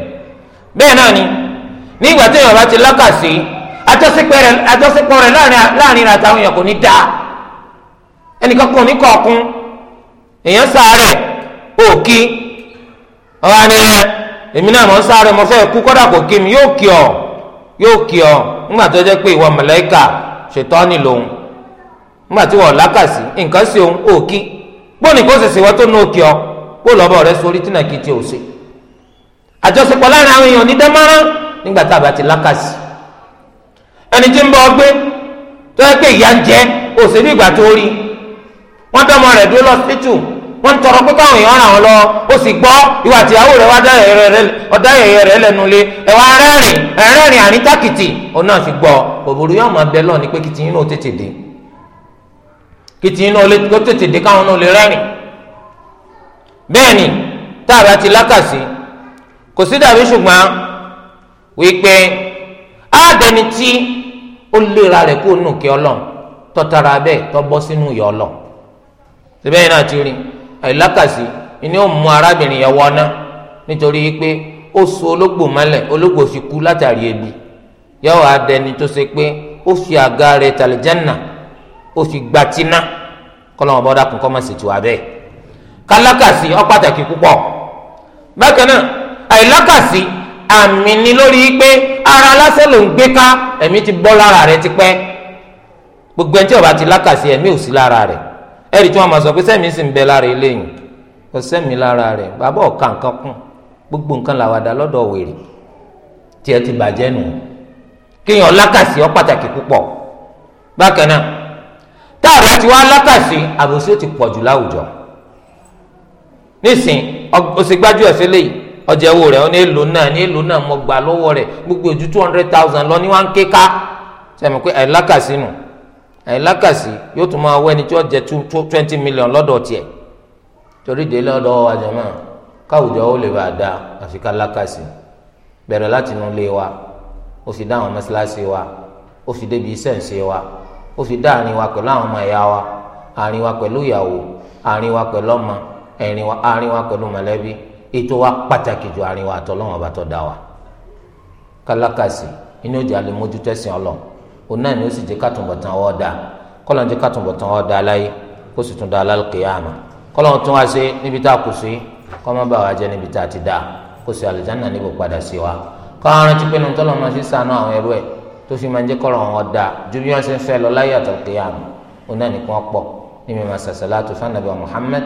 bẹ́ẹ̀ náà ni ní ìgbà tí èèyàn bá ti lákàsí àjọṣepọ̀ rẹ̀ láàrin àtàwọn èèyàn kò ní dáa ẹnìkan kò ní kọ̀ọ̀kún èèyàn sáré òkì ọ̀hún èmi náà mo fẹ́ kú kọ́dà kò kí mi yóò kí ọ ṣètọ́ni lòun nígbà tí wọ́n lákàsí nǹkan sí òun òkì bóni kó sì síwọ́ tó ní òkè ọ kó lọ́bọ̀ rẹ sórí tí nàkì tí o sí àjọṣepọ̀ láàrin àwọn èèyàn ní dẹ́mọ́rán nígbà tá a bá ti lákàsí ẹni tí ń bọ ọgbẹ́ tó yẹ pé ìyá ń jẹ òsèlú ìgbà tó rí wọ́n dọ́mọ rẹ̀ dúró lọ́sítítù wọ́n tọrọ pé káwọn èèyàn ràn wọ́n lọ ó sì gbọ́ ìwà tìyàwó rẹ̀ wá ọ̀dá yẹ̀yẹ̀ rẹ̀ lẹ́nu lé ẹ̀wà rẹ́rìn ẹ̀rẹ́rìn àríntàkìtì òun náà fi gbọ́ òbòrò yóò máa bẹ lọ́ọ̀ ni pé kìtìyín náà ó tètè dé kìtìyín náà ó tètè dé káwọn náà lè rẹ́rìn bẹ́ẹ̀ ni táàbà ti lákàsí kò sí dàbí ṣùgbọ́n wípé áàdẹni tí ó léra rẹ̀ kó nù kí ọlọ́run tọ́tara bẹ́ẹ̀ tọ́ bọ́ sínú ìyọ́ ọlọ́run àìlákàsí ni ó mú arábìnrin yẹn wọná nítorí pé ó so olóògbò mọ́lẹ̀ olóògbò sì kú látàrí ebi yóò wá dẹni tó ṣe pé ó fi àga rẹ tàlẹ́jẹ́nà ó fi gbatina kọ́lọ́mọ bọ́dà kún kọ́ mọ̀ sí tiwa bẹ́ẹ̀ kálákàsí ó pàtàkì púpọ̀ bákan náà ni lórí pé ara lásán ló ń gbé ká ẹ̀mí ti bọ́ lára gbogbo ẹni tí ti lákàsí ẹ̀mí ò sí lára rẹ̀ ẹ̀rí tí wọ́n máa sọ pé sẹ́mi sì ń bẹ lára eléyìí kò sẹ́mi lára rẹ̀ bàbá ọ̀ka nǹkan kún gbogbo nǹkan làwàdà lọ́dọ̀ wèrè tiẹ̀ ti bàjẹ́ nù kéèyàn lákàsí ọ pàtàkì púpọ̀ bákan náà tá a bá ti wá lákàsí àbòsí ó ti pọ̀ jù láwùjọ nísìn òsègbájú ẹ̀fẹ́ lẹ́yìn ọjà owó rẹ̀ ní èlò náà ní èlò náà mo gbà lọ́wọ́ rẹ̀ gbogbo ojú two hundred thousand lọ ní wá ń ké ká sẹ́mi pé àìlákàsí nù ẹ̀ lákàsí yóò tún máa wọ ẹni tí ó jẹ twenty million lọ́dọ̀ tiẹ̀ torí délé ọ̀dọ̀ àjẹmọ́ káwùjọ ó lè bàa da àfi ká lákàsí bẹ̀rẹ̀ láti inú ilé wa ó fi dá àwọn mọ́sálásí wa ó fi débi iṣẹ́ ìṣe wa ó fi dá àárín wa pẹ̀lú àwọn ọmọ ẹ̀yà wa àárín wa pẹ̀lú ìyàwó àárín wa pẹ̀lú ọmọ àárín wa pẹ̀lú mọ̀lẹ́bí ètò wa pàtàkì ju àárín wa àtọ́lọ́wọ́n bá tọ́ da wa kálákàsí inú ìjà lè mójútẹ́sìn ọlọ́run òun náà ni ó sì jẹ́ kàtúbọ̀tán ọ̀ da kọ́lọ̀ ń jẹ́ kàtúbọ̀tán ọ̀ da láyé kó sì tún da lálùkìyàmà kọ́lọ̀ ń tún wá sí níbi tá a kù sí kọ́ má bàa wá jẹ́ níbi tá a ti da kó sì àlùjáná níbo padà sí wa kọ́ àrùn ti pinnu tọ́lọ̀ máa ṣe sànú àwọn ẹrú ẹ̀ tó fi máa ń jẹ́ kọ́lọ̀ ọ̀ da ju bí wọ́n ṣe ń fẹ́ lọ láyé àtọ̀kìyàmà òun náà nìkan pọ̀ níbi máa sàṣàlátù fanabi Muhammad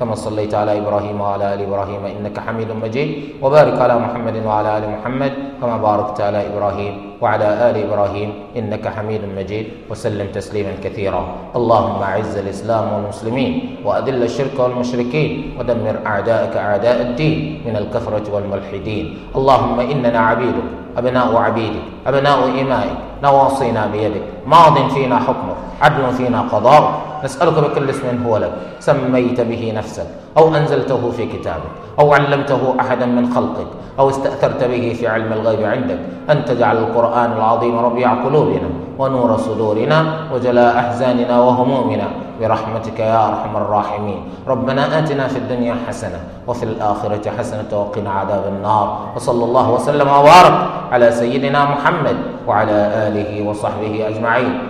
كما صليت على إبراهيم وعلى آل إبراهيم إنك حميد مجيد وبارك على محمد وعلى آل محمد كما باركت على إبراهيم وعلى آل إبراهيم إنك حميد مجيد وسلم تسليما كثيرا اللهم أعز الإسلام والمسلمين وأذل الشرك والمشركين ودمر أعداءك أعداء الدين من الكفرة والملحدين اللهم إننا عبيدك أبناء عبيدك أبناء إمائك نواصينا بيدك ماض فينا حكمك عدل فينا قضاء نسألك بكل اسم هو لك سميت به نفسك أو أنزلته في كتابك أو علمته أحدا من خلقك أو استأثرت به في علم الغيب عندك أن تجعل القرآن العظيم ربيع قلوبنا ونور صدورنا وجلاء أحزاننا وهمومنا برحمتك يا أرحم الراحمين ربنا آتنا في الدنيا حسنة وفي الآخرة حسنة وقنا عذاب النار وصلى الله وسلم وبارك على سيدنا محمد وعلى آله وصحبه أجمعين